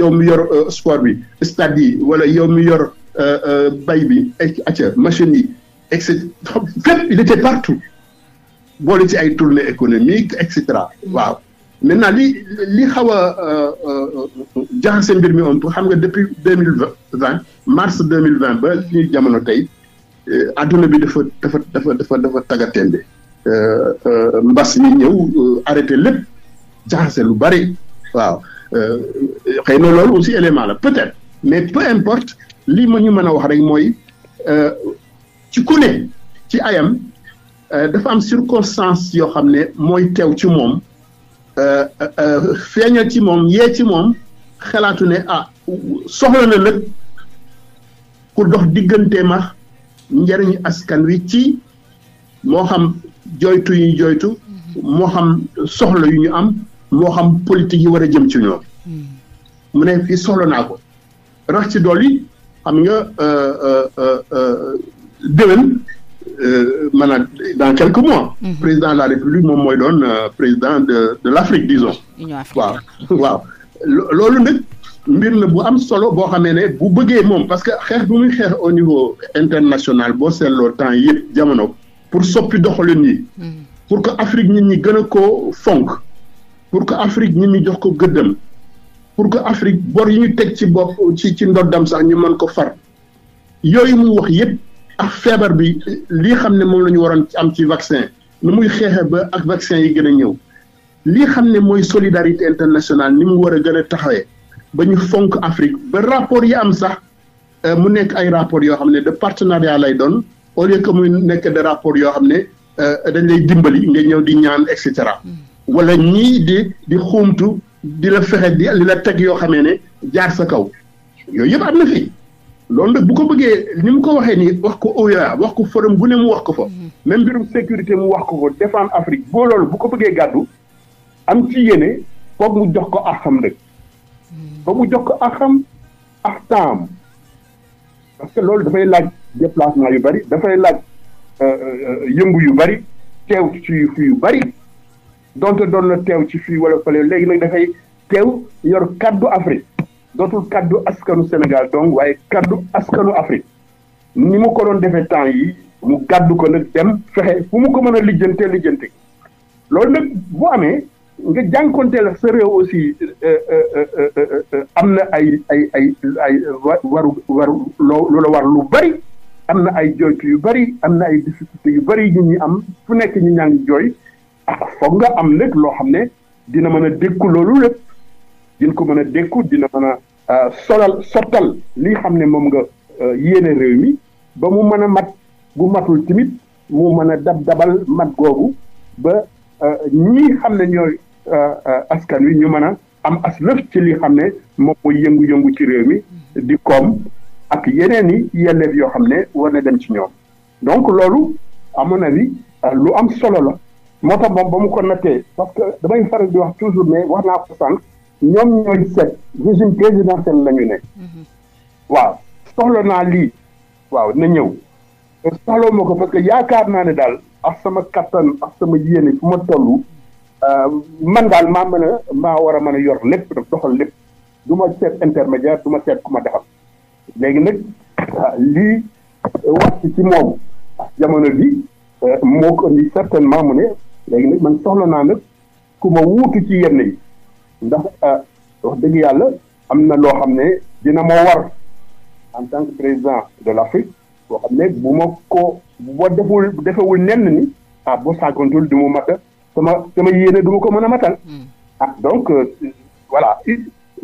yow mi yor euh, sport bi stade yi wala yow mi yor euh, euh, bay bi acca machines yi et cetera fépp il était partout boole ci ay tournée économique et cetera waaw maintenant li li xaw a euh, euh, euh, jaxase mbir mi om xam nga depuis deux mille vingt mars deux mille vingt ba li jamono tey adduna bi dafa dafa dafa dafa dafa taggatémbe mbas mi ñëw arrêté lépp jaxase lu bari waaw xëy na loolu aussi élément la peut-être mais peu importe lii ma ñu mën a wax rek mooy ci ku ci ayam dafa am circonstance yoo xam ne mooy teew ci moom Euh, euh, feeñal ci moom yee ci moom xalaatu ne ah soxla na nag ku dox diggante ma njëriñu askan wi ci moo xam joytu yu joytu moo xam soxla yu ñu am moo xam politique yi war a jëm ci ñoom hmm. mu ne fii soxla naa ko rax ci dool yi xam nga euh, déwén Euh, maanaam dans quelques mois. Mhm. président de la république moom mooy doon euh, président de de l' Afrique disons. waaw waaw loolu nag mbir la bu am solo boo xamee ne bu bëggee moom parce que xeex bu muy xeex au niveau international boo seetloo temps yëpp jamono pour soppi doxalin yi. Mhm. pour que Afrique nit ñi gën a koo fonk. pour que Afrique nit ñi jox ko gëddam. pour que Afrique bor yi ñu teg ci bopp ci ci ndoddam sax ñu mën ko far. yooyu muy wax yëpp ak feebar bi lii xam ne moom la ñu waroon ci am ci vaccin nu muy xeexee ba ak vaccin yi gën a ñëw lii xam ne mooy solidarité internationale ni mu war a gën a taxawee ba ñu fonk Afrique ba rapport yi am sax euh, mu nekk ay rapport yoo xam ne de partenariat lay doon au lieu que muy nekk de rapport yoo xam ne euh, dañ lay dimbali nga ñëw di ñaan et cetera wala ñii di di xuumtu di la fexe di li la teg yoo xamee ne jaar sa kaw yooyu yëpp am na fi loolu nag bu ko bëggee ni mu ko waxee nii wax ko OUA wax ko forum bu ne mu wax ko fa. Mm-hmm. même mbirum sécurité mu wax ko ko défendre Afrique boo loolu bu ko bëggee gàddu am ci yéene fook mu jox ko axam rek mm-hmm. foog mu jox ko axam ak taam parce que loolu dafay laaj déplacement yu bari dafay laaj euh, euh, yëngu yu bari teew ci fi yu bari donte doon na teew ci fii wala fële léegi nag dafay teew yor kàddu Afrique. dootul kàddu askanu Sénégal donc waaye kàddu askanu Afrique ni mu ko doon defee temps yi mu gàddu ko nag dem fexe fu mu ko mën a lijjante lijjante loolu nag bu amee nga jànkonteel la sa réew aussi euh, euh, euh, am na ay ay ay waru waru loo la war lu bari am na ay jooytu yu bari am na ay difficulté yu bari ñu ñuy am fu nekk ñu ñaa jooy ah foog nga am nag loo xam ne dina mën a dékku loolu lépp dina ko mën a dékku dina mën a euh, solal sottal li xam ne moom nga euh, yéene réew mi ba mu mën a mat bu matul tamit mu mën a dab dabal mat googu ba euh, ñii xam ne ñooy askan wi ñu mën a am as lëf ci li xam ne moom mooy yëngu-yëngu ci réew mi di koom ak yeneen i yelleef yoo xam ne war na dem ci ñoom donc loolu à mon avis lu am solo la moo tax moom ba mu ko nattee parce que damay faral di wax toujours mais wax naa ko sànq ñoom ñooy seet régime présidentiel la ñu ne waaw soxla naa lii waaw na ñëw soxla ma ko parce que yaakaar naa ne daal ak sama kàttan ak sama yéene fu ma toll euh, man daal maa mën a maa war a mën a yor lépp daf doxal lépp du ma seet intermédiaire du ma seet ku ma defal léegi nag ah, lii wàcc ci moom ah, jamono bi euh, moo ko indi certainement mu ne léegi nag man soxla naa nag ku ma wuutu ci yenn yi ndax euh, wax dëgg yàlla am na loo xam ne dina ma war en tant que président de l'Afrique boo xam ne bu ma ko ba deful defewul nenn ni ah boo sàggantul du mu mat sama sama yéene duma ko mën a matal hmm. ah donc euh, voilà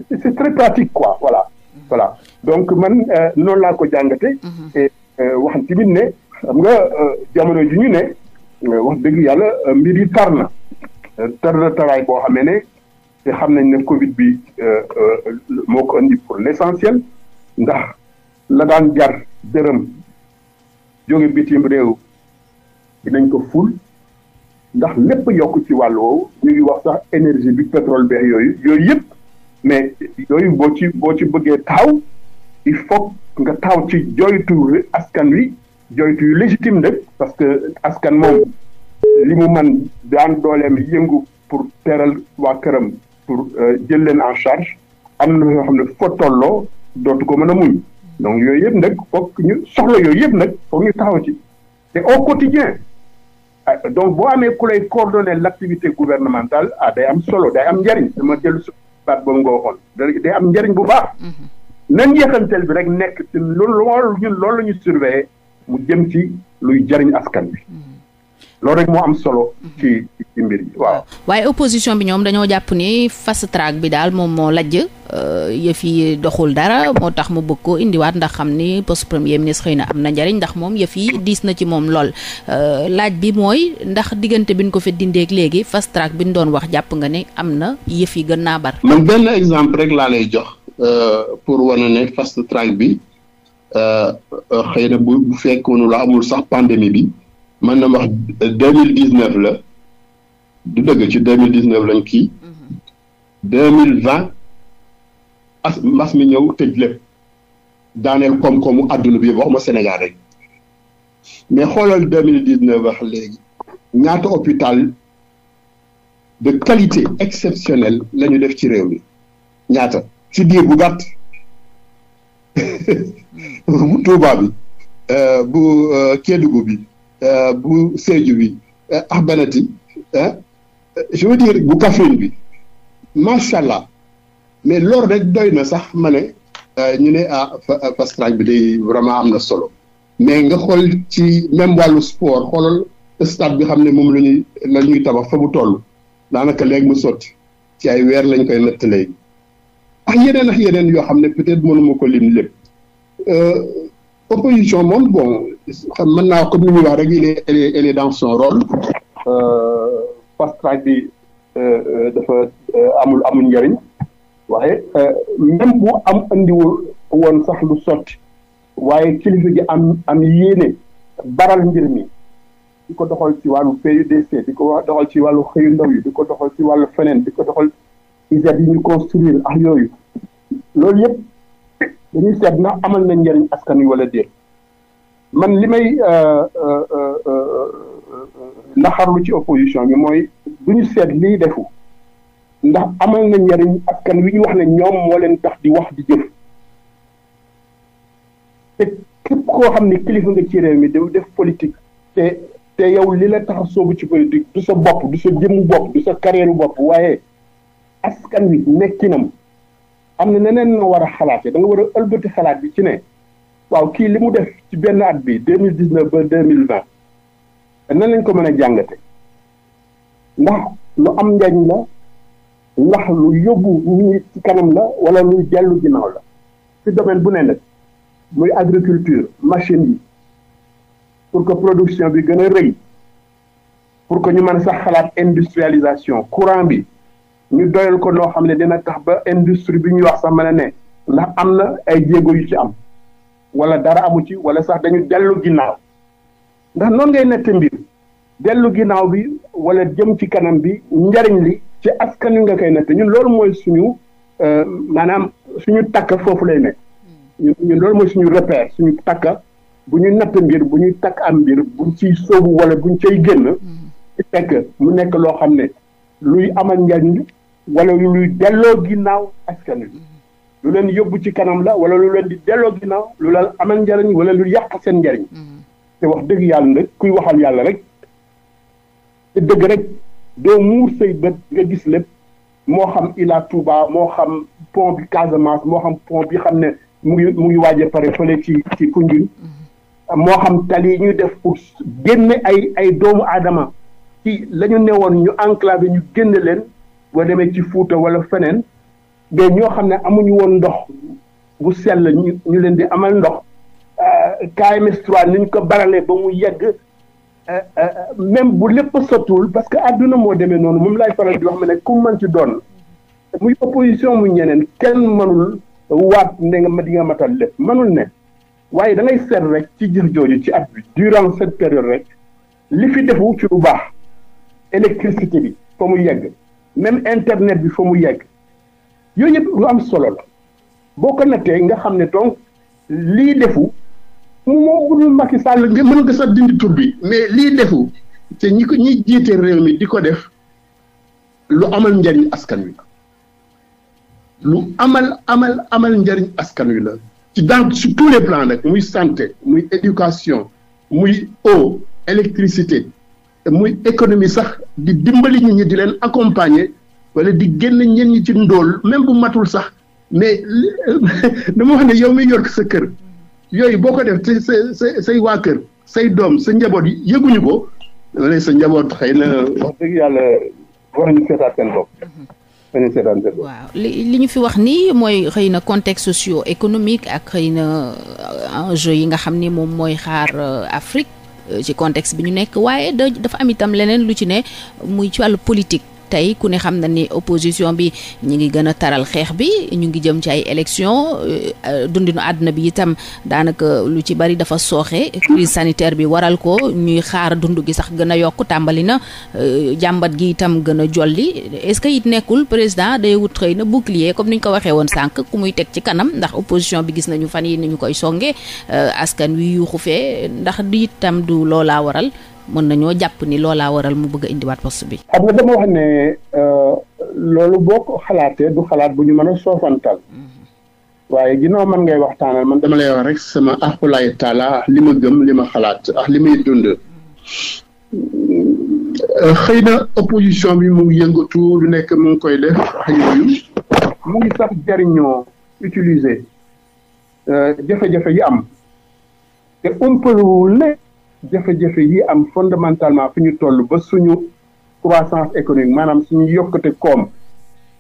c'est très pratique quoi voilà hmm. voilà donc man euh, noonu laa ko jàngate hmm. et wax tamit ne xam nga jamono ji ñu ne wax dëgg yàlla mbir yi tar na tar taraay boo xamee ne te xam nañ ne Covid bi euh, euh, moo ko indi pour l'essentiel ndax la daan jar dërëm jóge bitim réew dinañ ko ful ndax lépp yokk ci wàll woowu ñu ngi wax sax énergie bi pétrole bi yooyu yooyu yëpp mais yooyu boo ci boo ci bëggee taxaw il faut nga taxaw ci joytu askan wi joytu yu légitime rek parce que askan moom li mu man daan dooleem yëngu pour teral waa këram pour euh, jël leen en charge am na yoo xam ne fa tolloo dootu ko mën a muñ donc yooyu yëpp nag foog ñu soxla yooyu yëpp nag foog ñu taxaw ci te au quotidien ah, donc boo amee ku lay coordonner l' activité gouvernementale ah, day am solo day am njariñ dama jël su baat boobu nga waxoon day am njariñ bu baax mm-hmm. na njeexantel bi rek nekk ci loolu loolu loolu la ñu surveiller mu jëm ci luy jariñ askan bi loolu rek moo am solo. Mhm. ci mbir yi waaw. waaye opposition bi ñoom dañoo jàpp ni fast track bi daal moom moo lajj euh, yëf yi doxul dara moo tax mu bëgg koo indiwaat ndax xam ni post premier ministre xëy na am na njariñ ndax moom yëf yi diis na ci moom lool euh, laaj bi mooy ndax diggante bi ñu ko fi dindeek léegi fast track bi ñu doon wax jàpp nga ne am na yëf yi gën naa bar. man benn exemple rek laa lay jox euh, pour wane ne fast track bi xëy na bu bu fekkoon amul sax mën na wax deux mille dix neuf la du dëgg ci deux mille dix neuf lañ kii deux mille vingt as mbas mi ñëw tëj lépp daaneel koom-koomu adduna bi waxuma Sénégal rek mais xoolal deux mille dix neuf wax léegi ñaata hôpital de qualité exceptionnelle la def ci réew mi ñaata ci diir bu gàtt bu Touba bi euh, bu euh, Kédougou bi Euh, bu Sédhiou bi ah Banati ah je bu Kaffrine bi macha allah mais loolu rek doy na sax ma ne euh, ñu ne ah euh, fast track bi day vraiment am na solo mais nga xool ci même wàllu sport xoolal stade bi xam ne moom la ñuy la ñuy tabax fa mu toll daanaka léegi mu sotti ci ay weer lañ koy natt léegi ak yeneen ak yeneen yoo xam ne peut-être mënuma ko lim lépp opposition moom bon. xam mën naa comme ni ñuy wax rek il est il est dans euh, bi euh, euh, dafa amul amul njariñ waaye même bu am andiwul woon sax lu sot waaye kilifa gi am am yéene baral mbir mi di ko doxal ci wàllu PUDC di ko doxal ci wàllu xëyu ndaw yi di ko doxal ci wàllu feneen di ko doxal ISAB yi ñu construire ak yooyu loolu yëpp dañuy seet na amal na njëriñ askan wi wala déet. man li may euh, euh, euh, naxarlu ci opposition bi mooy du ñu seet lii defu ndax amal na njariñ askan wi ñu wax ne ñoom moo leen tax di wax di jëf te képp koo xam ne kilifa nga ci réew mi dafa def politique te te yow li la tax a soobu ci politique du sa bopp du sa jëmmu bopp du sa carrière bopp waaye askan wi nekkinam am na neneen nga war a xalaatee da nga war a ëlbati xalaat bi ci ne waaw kii li mu def ci benn at bi deux mille dix neuf ba deux mille vingt nan lañ ko mën a jàngate ndax lu am njariñ la ndax lu yóbbu ñi ci kanam la wala luy dellu ginnaaw la ci domaine bu ne nag muy agriculture machine yi pour que production bi gën a rëy pour que ñu mën sax xalaat industrialisation courant bi ñu doyal ko noo xam ne dina tax ba industrie bi ñuy wax sax mën a ne ndax am na ay jéego yu ci am wala dara amu ci wala sax dañu dellu ginnaaw ndax noonu ngay nette mbir dellu ginnaaw bi wala jëm ci kanam bi njariñ li ci askan wi nga koy nette ñun loolu mooy suñu euh, maanaam suñu takk foofu lay nekk loolu mooy suñu repère suñu takk bu ñu natt mbir bu ñuy takk am mbir buñ ciy sóobu wala buñ cay génn mm-hmm. ci fekk mu nekk loo xam ne luy amal njariñ wala luy delloo ginnaaw askan wi lu leen yóbbu ci kanam la wala lu leen di delloo na lu leen amal njariñ wala lu yàq seen njariñ te wax dëgg yàlla nag kuy waxal yàlla rek dëgg rek doo muur say bët nga gis lépp moo xam Ila Touba moo xam pont bi Casamance moo xam pont bi xam ne mu ngi mu ngi waaj pare fële ci ci Foundiougne moo xam tali ñuy def pour génne ay ay doomu aadama ci la ñu newoon ñu enclavé ñu génne leen boo demee ci Fuuta wala feneen ba ñoo xam ne amuñu woon ndox bu sell ñu ñu leen di amal ndox euh, KMS 3 ni ñu ko baralee ba mu yegg euh, euh, même bu lépp sottul parce que adduna moo deme noonu moom laay faral di wax ma ne ku mën ci doon muy opposition mu ñeneen kenn mënul waat ne nga ma di nga matal lépp mënul ne waaye da ngay seet rek ci jir jooju ci at bi durant cette période rek li fi defu ci lu baax électricité bi fa mu yegg même internet bi fa mu yegg yooyu yëpp lu am solo la boo ko nattee nga xam ne donc lii defu mu moo budul Macky Sall nga mën nga sax dindi tur bi mais lii defu te ñi ko ñi jiite réew mi di ko def lu amal njariñ askan wi la lu amal amal amal njariñ askan wi la ci dans sur tous les plans nag muy santé muy éducation muy eau électricité muy économie sax di dimbali nit ñi di leen accompagner wala di génn ñenn ñi ci ndóol même bu matul sax mais dama wax ne yow mi yor sa kër yooyu boo ko def sa sa say waa kër say doom sa njaboot yëguñu ko sa njaboot xëy na wax mhm. li ñu fi wax nii mooy xëy na contexte socio-économique ak xëy na euh, enjeu yi nga xam ni moom mooy xaar euh, Afrique euh, ci contexte bi ñu nekk waaye da dafa am itam leneen lu ci ne muy ci wàllu politique tey ku ne xam na ni opposition bi ñu ngi gën a taral xeex bi ñu ngi jëm ci ay élection euh, euh, dundinu àdduna bi itam daanaka lu ci bari dafa sooxe crise sanitaire bi waral ko ñuy xaar dund gi sax gën a yokk tàmbali na euh, jàmbat gi itam gën a jolli est-ce que it nekkul président day wut xëy na bouclier comme ni ñu ko waxee woon sànq ku muy teg ci kanam ndax opposition bi gis nañu fan yi ni ñu koy songe askan wi yuuxu fee ndax di it itam du loolaa waral mën nañoo jàpp ni loolaa waral mu bëgg a indiwaat poste bi. xam nga dama wax ne euh, loolu boo ko xalaatee du xalaat bu ñu mën a soofantal. Mm-hmm. waaye ginnaaw man ngay waxtaanal man dama lay wax rek sama axulaay taala li ma gëm li ma xalaat ak li may dund. Mm-hmm. Euh, xëy na opposition bi mu ngi yëngatu lu nekk mu ngi koy def mu ngi sax jariñoo utiliser euh, jafe-jafe yi am te umpalewul ne jafe-jafe yi am fondamentalement fi ñu toll ba suñu croissance économique maanaam suñu yokkute koom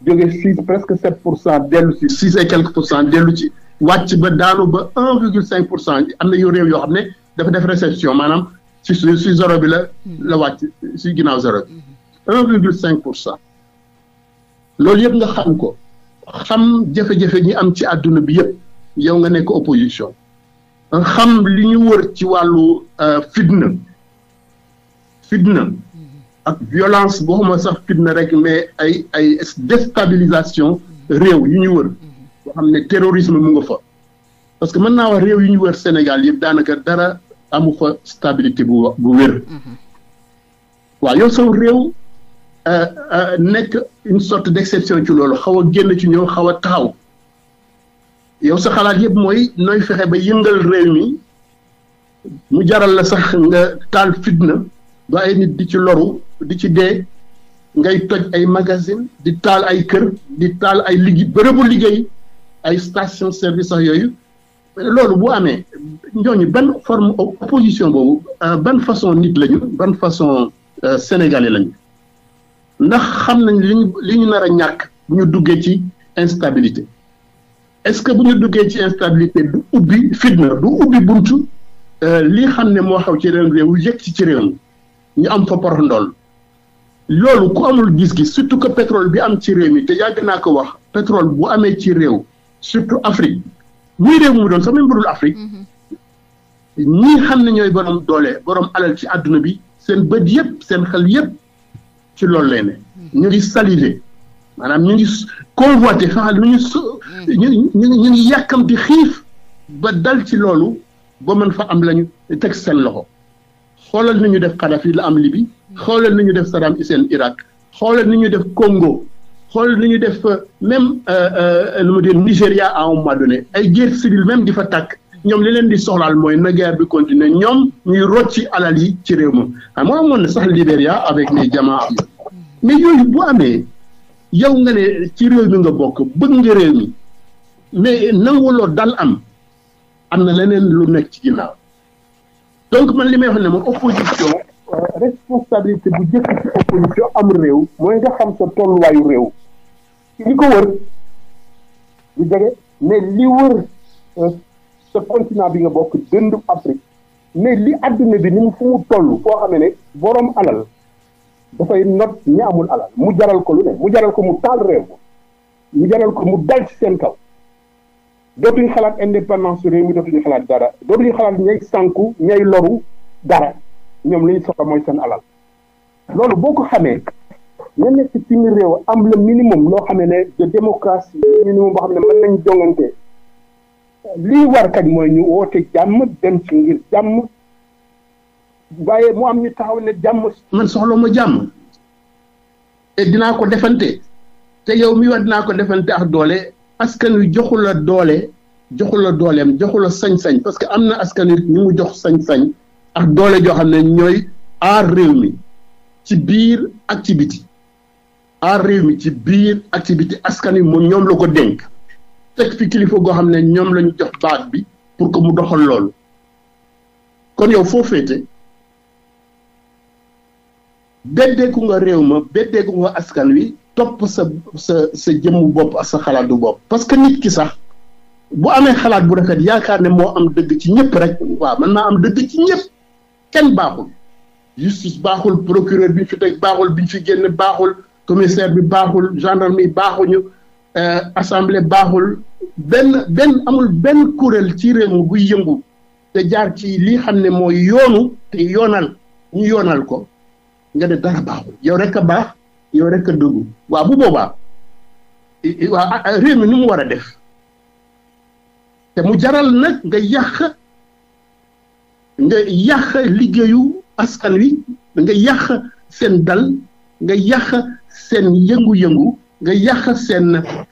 jóge six presque sept pour cent dellu ci six et quelques pour cent dellu ci wàcc ba daanu ba un virgule cinq pour cent am na yu réew yoo xam ne dafa def réception maanaam si si zéro bi la hmm. la wàcc si ginnaaw zéro bi hmm. un virgule cinq loolu yëpp nga xam ko xam jafe-jafe ñi am ci àdduna bi yëpp yow nga nekk opposition xam li ñu wër ci wàllu euh, fitna fitna mm-hmm. ak violence boo xam sax fitna rek mais ay ay déstabilisation réew yu ñu wër mm-hmm. boo xam ne terrorisme mu nga fa parce que mën naa wax réew yu ñu wër Sénégal yëpp daanaka dara amu fa stabilité bu bu wér mm-hmm. waaw yow saw réew euh, euh, nekk une sorte d'exception ci loolu xaw a génn ci ñëw xaw a taxaw yow sa xalaat yëpp mooy nooy fexe ba yëngal réew mi mu jaral la sax nga taal fitna ba ay nit di ci loru di ci dee ngay toj ay magasin di taal ay kër di taal ay liggéey bërëbu liggéey ay station service sax yooyu loolu bu amee ñooñu ban forme opposition boobu euh, ban façon nit lañu ban façon euh, sénégalais lañu ndax xam nañ li ñu li ñu nar a ñàkk bu ñu duggee ci instabilité est-ce que bu ñu duggee ci instabilité du ubbi fitna du ubbi buntu euh, li xam ne moo xaw ci réew réew yëg ci ci réew ñu am fa porox ndool loolu ku amul gis gi surtout que pétrole bi am ci réew mi te yàgg naa ko wax pétrole bu amee ci réew surtout Afrique muy réew mu doon sax même bu dul Afrique ñi xam ne ñooy borom doole borom alal ci àdduna bi seen bët yëpp seen xel yëpp ci loolu lay ne ñu ngi saliver maanaam ñu ngi convoité xanaa lu ñu hmm. ñu ngi ñu ngi yàkkamti xiif ba dal ci loolu ba man fa am lañu teg seen loxo xoolal ni ñu def Kadhafi la am libi xoolal ni ñu def Saddam seen Irak xoolal ni ñu def Congo xool ni ñu def euh, même nu mu dire Nigéria à un moment donné ay guerre civile même di fa tàkk ñoom li leen di soxlaal mooy na guerre bi continuer ñoom ñuy rocci alal yi ci réew ma xam ah, nga amoon na sax Libéria avec les jamaa hmm. mais yooyu bu amee yow nga ne ci réew mi nga bokk bëgg nga réew mi mais nanguloo dal am am na leneen lu nekk ci ginnaaw donc man li may wax ne moom opposition euh, responsabilité bu jëkk ci opposition am réew mooy nga xam sa tolluwaayu réew li ko wër lu jege mais li wër euh, sa continent bi nga bokk dëndu Afrique mais li àdduna bi ni mu fu mu toll foo xam ne boroom alal dafay not ñi amul alal mu jaral ko lu ne mu jaral ko mu taal réew mu jaral ko mu dal ci seen kaw dootuñu xalaat indépendance réew mi dootuñu xalaat dara dootuñu xalaat ñay sànku ñay loru dara ñoom li ñu soxla mooy seen alal loolu boo ko xamee ña nekk ci mi réew am la minimum loo xam ne ne de démocratie minimum boo xam ne mën nañ jongante lii war kañ mooy ñu woote jàmm dem ci ngir jàmm waaye moo am ñu taxaw ne jàmm. man soxla ma jàmm te dinaa ko defante te yow mi wax dinaa ko defante ak doole askan wi joxu la doole joxu la dooleem joxu la sañ-sañ parce que am na askan ñu mu jox sañ ak doole joo xam ne ñooy aar réew mi ci biir ak ci réew mi ci biir ak ci biti askan wi moom ñoom la ko dénk teg fi kilifa goo xam ne ñoom la ñu jox baat bi pour que mu doxal loolu kon yow foo féete beddeeku nga réew ma beddeeku nga askan wi topp sa sa sa jëmmu bopp sa xalaat du bopp parce que nit ki sax bu amee xalaat bu rafet yaakaar ne moo am dëgg ci ñëpp rek waaw mën naa am dëgg ci ñëpp kenn baaxul justice baaxul procureur bi ñu fi teg baaxul bi fi génn baaxul commissaire bi baaxul gendarme baaxul baaxuñu euh, assemblée baaxul benn benn amul benn kuréel ci réew mi buy yëngu te jaar ci li xam ne mooy yoonu te yoonal ñu yoonal ko nga ne dara baaxul yow rekk a baax yow rek a dëggu waa bu boobaa waaw réew mi nu mu war a def te mu jaral nag nga yàq nga yàq liggéeyu askan wi nga yàq seen dal nga yàq seen yëngu-yëngu nga yàq seen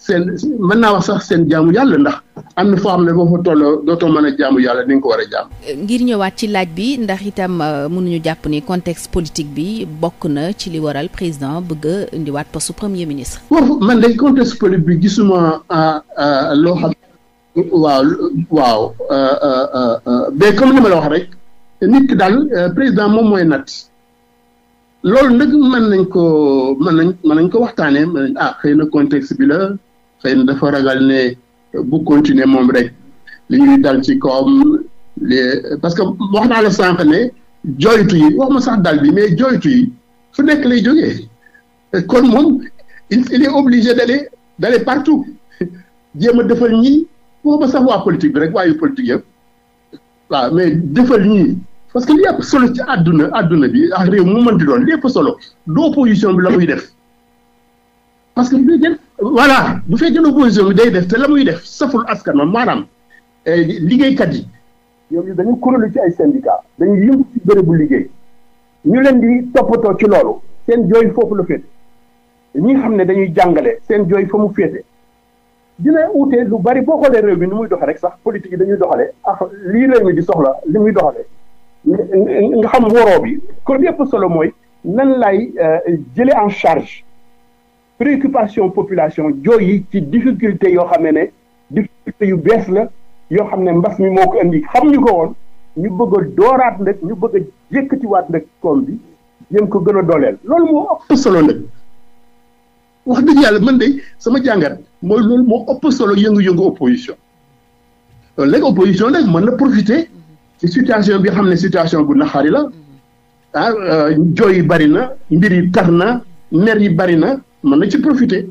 seen mën naa wax sax seen jaamu yàlla ndax am na foo xam ne boo fa tolloo dootoo mën a jaamu yàlla ni nga ko war a jaam. ngir ñëwaat ci laaj bi ndax itam euh, mënuñu jàpp ni contexte politique bi bokk na ci li waral président bëgg a indiwaat poste premier ministre. foofu man de contexte politique bi gisuma euh, euh, loo xam. waaw waaw mais comme li ma la wax rek nit daal président moom mooy natt. loolu nag mën nañ ko mën nañ mën nañ ko waxtaanee mën nañ ah xëy na contexte bi la xëy na dafa ragal ne bu continuer moom rek li ñuy dal ci kawam li parce que wax naa la sànq ne jooytu yi wax ma sax dal bi mais jooytu yi fu nekk lay jógee kon moom il est obligé d'aller d'aller partout jéem a defal ñi wax ma sax waa politique bi rek waayu politique yëpp waaw mais defal ñi parce que li ëpp solo ci àdduna àdduna bi ak réew mu mënti doon li ëpp solo du opposition bi la muy def parce que bu fekkee voilà bu fekkee opposition bi day def te la muy def saful askan ma maanaam eh, liggéeykat yi yooyu dañuy kuréelu ci ay syndicat dañu yëngu ci bërëbu liggéey ñu leen di toppatoo ci loolu seen jooy foofu la féete ñi xam ne dañuy jàngale seen jooy fa mu féete dina utee lu bari boo xoolee réew bi nu muy doxee rek sax politique yi dañuy doxale ah lii réew soxla li muy doxale nga xam woroo bi kon yëpp solo mooy nan lay euh, jëlee en charge préoccupation population jooy yi ci difficulté yoo xam ne ne difficulté yu bees la yoo xam ne mbas mi moo ko indi xam ñu ko woon ñu bëgg dooraat nag ñu bëgg a yëkkatiwaat nag koom bi yéen ko gën a dooleel loolu moo ëpp solo nag wax dëgg yàlla man de sama jàngat mooy loolu moo ëpp solo yëngu-yëngu opposition léegi opposition nag mën na profiter ci situation bi xam ne situation bu naxaari la ah euh, jooy yi bari na mbir yi tar na mer yi bari na mën na ci profiter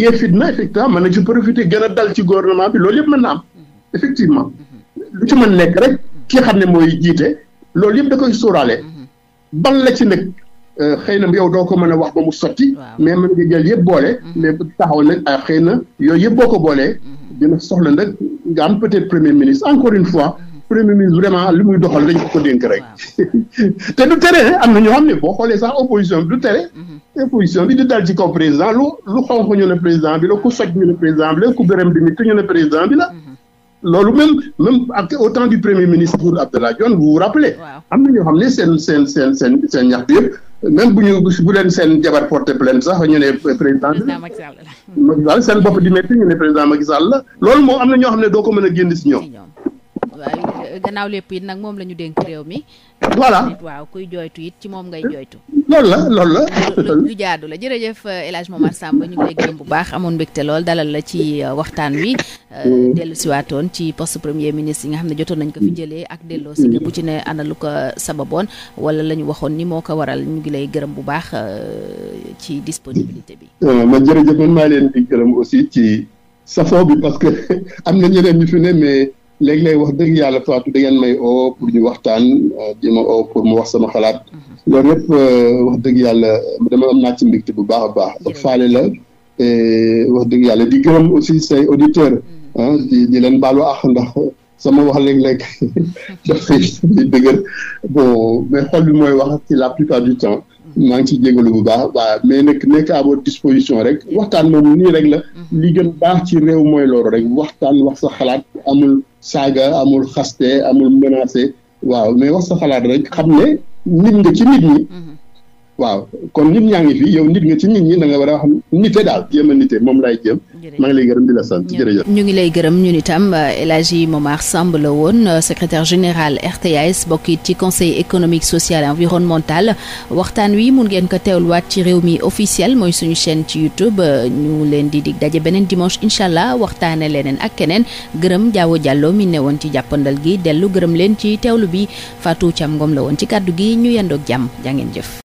yee fit na effectivement mën na ci profité gën a dal ci gouvernement bi loolu yépp mën na am effectivement lu ci mën nekk rek ki xam ne mooy jiite loolu yëpp da koy suuraale ban la ci nag euh, xëy na yow doo ko mën a wax ba mu sotti. mais mën nga jël yëpp boole. Mm-hmm. mais taxaw nag ah, xëy na yooyu yëpp boo ko boolee. Mm-hmm. dina soxla nag nga am peut-être premier ministre encore une fois. Mm-hmm. premier ministre vraiment li muy doxal dañ ko dénk rek te du tere am na ñoo xam ne boo xoolee sax opposition bi du tere mhm. opposition bi di dal ci kaw président lu lu xonq ñu ne président bi la ne président bi la ku gërëm di tu ñu mhm. loolu même ak au temps premier ministre Abdoulaye Dione vous vous rappelez am na ñoo xam ne seen seen seen seen seen ñaxtu yëpp même bu ñu bu leen seen jabar porté plainte sax ñu ne président Macky Sall seen bopp di métti ñu ne président Macky loolu moom am na gannaaw lépp it nag moom la ñu dénk réew mi. voilà waaw kuy jooytu it ci moom ngay jooytu. loolu la loolu la. lu jaadu la jërëjëf euh, El moom Momar Samb ñu ngi lay gërëm bu baax amoon mbégte lool dalal la ci euh, waxtaan wi. Euh, mm. dellu si waatoon ci poste premier ministre yi nga xam ne jotoon nañ ko fi jëlee ak delloo si mm. bu ci ne ana lu ko sababoon wala la ñu waxoon ni moo ko waral ñu ngi lay gërëm bu baax ci ci safoo bi parce que am na ñeneen ñu fi ne mais. léeg-léeg wax dëgg yàlla Fatou da ngeen may oo pour ñu waxtaan euh, di ma oo pour mu wax sama xalaat mm-hmm. loolu yëpp euh, wax dëgg yàlla dama am naa ci mbégte bu baax a baax ak faale la wax dëgg yàlla di gërëm aussi say auditeurs mm-hmm. ah di di leen baalu àq ndax sama wax léeg-léeg dafay di dëgër bon mais xol bi mooy wax ci la plupart du temps maa ngi ciy jégalu bu baax waaw mais nag nekk à votre disposition rek waxtaan moom nii rek la mhm. li gën baax ci réew mooy loolu rek waxtaan wax sa xalaat amul saaga amul xaste amul menacé waaw mais wax sa xalaat rek xam ne nit nga ci nit ñi mhm. waaw kon nit ñaa ngi fi yow nit nga ci nit ñi da nga war a xam nite daal jéem a nite moom laay jéem. maa ngi lay gërëm di la sant jërëjëf. ñu ngi lay gërëm ñun itam El Hadji Momar Samb la woon secrétaire général RTA-S bokk ci conseil économique social et environnemental waxtaan wi mun ngeen ko waat ci réew mi officiel mooy suñu chaîne ci YouTube ñu leen di dig daje beneen dimanche incha allah waxtaane leneen ak keneen gërëm Jaawo Jàllo mi ne woon ci jàppandal gi dellu gërëm leen ci teewlu bi Fatou Thiam Ngom la woon ci kàddu gi ñu yendoog jàmm jaa ngeen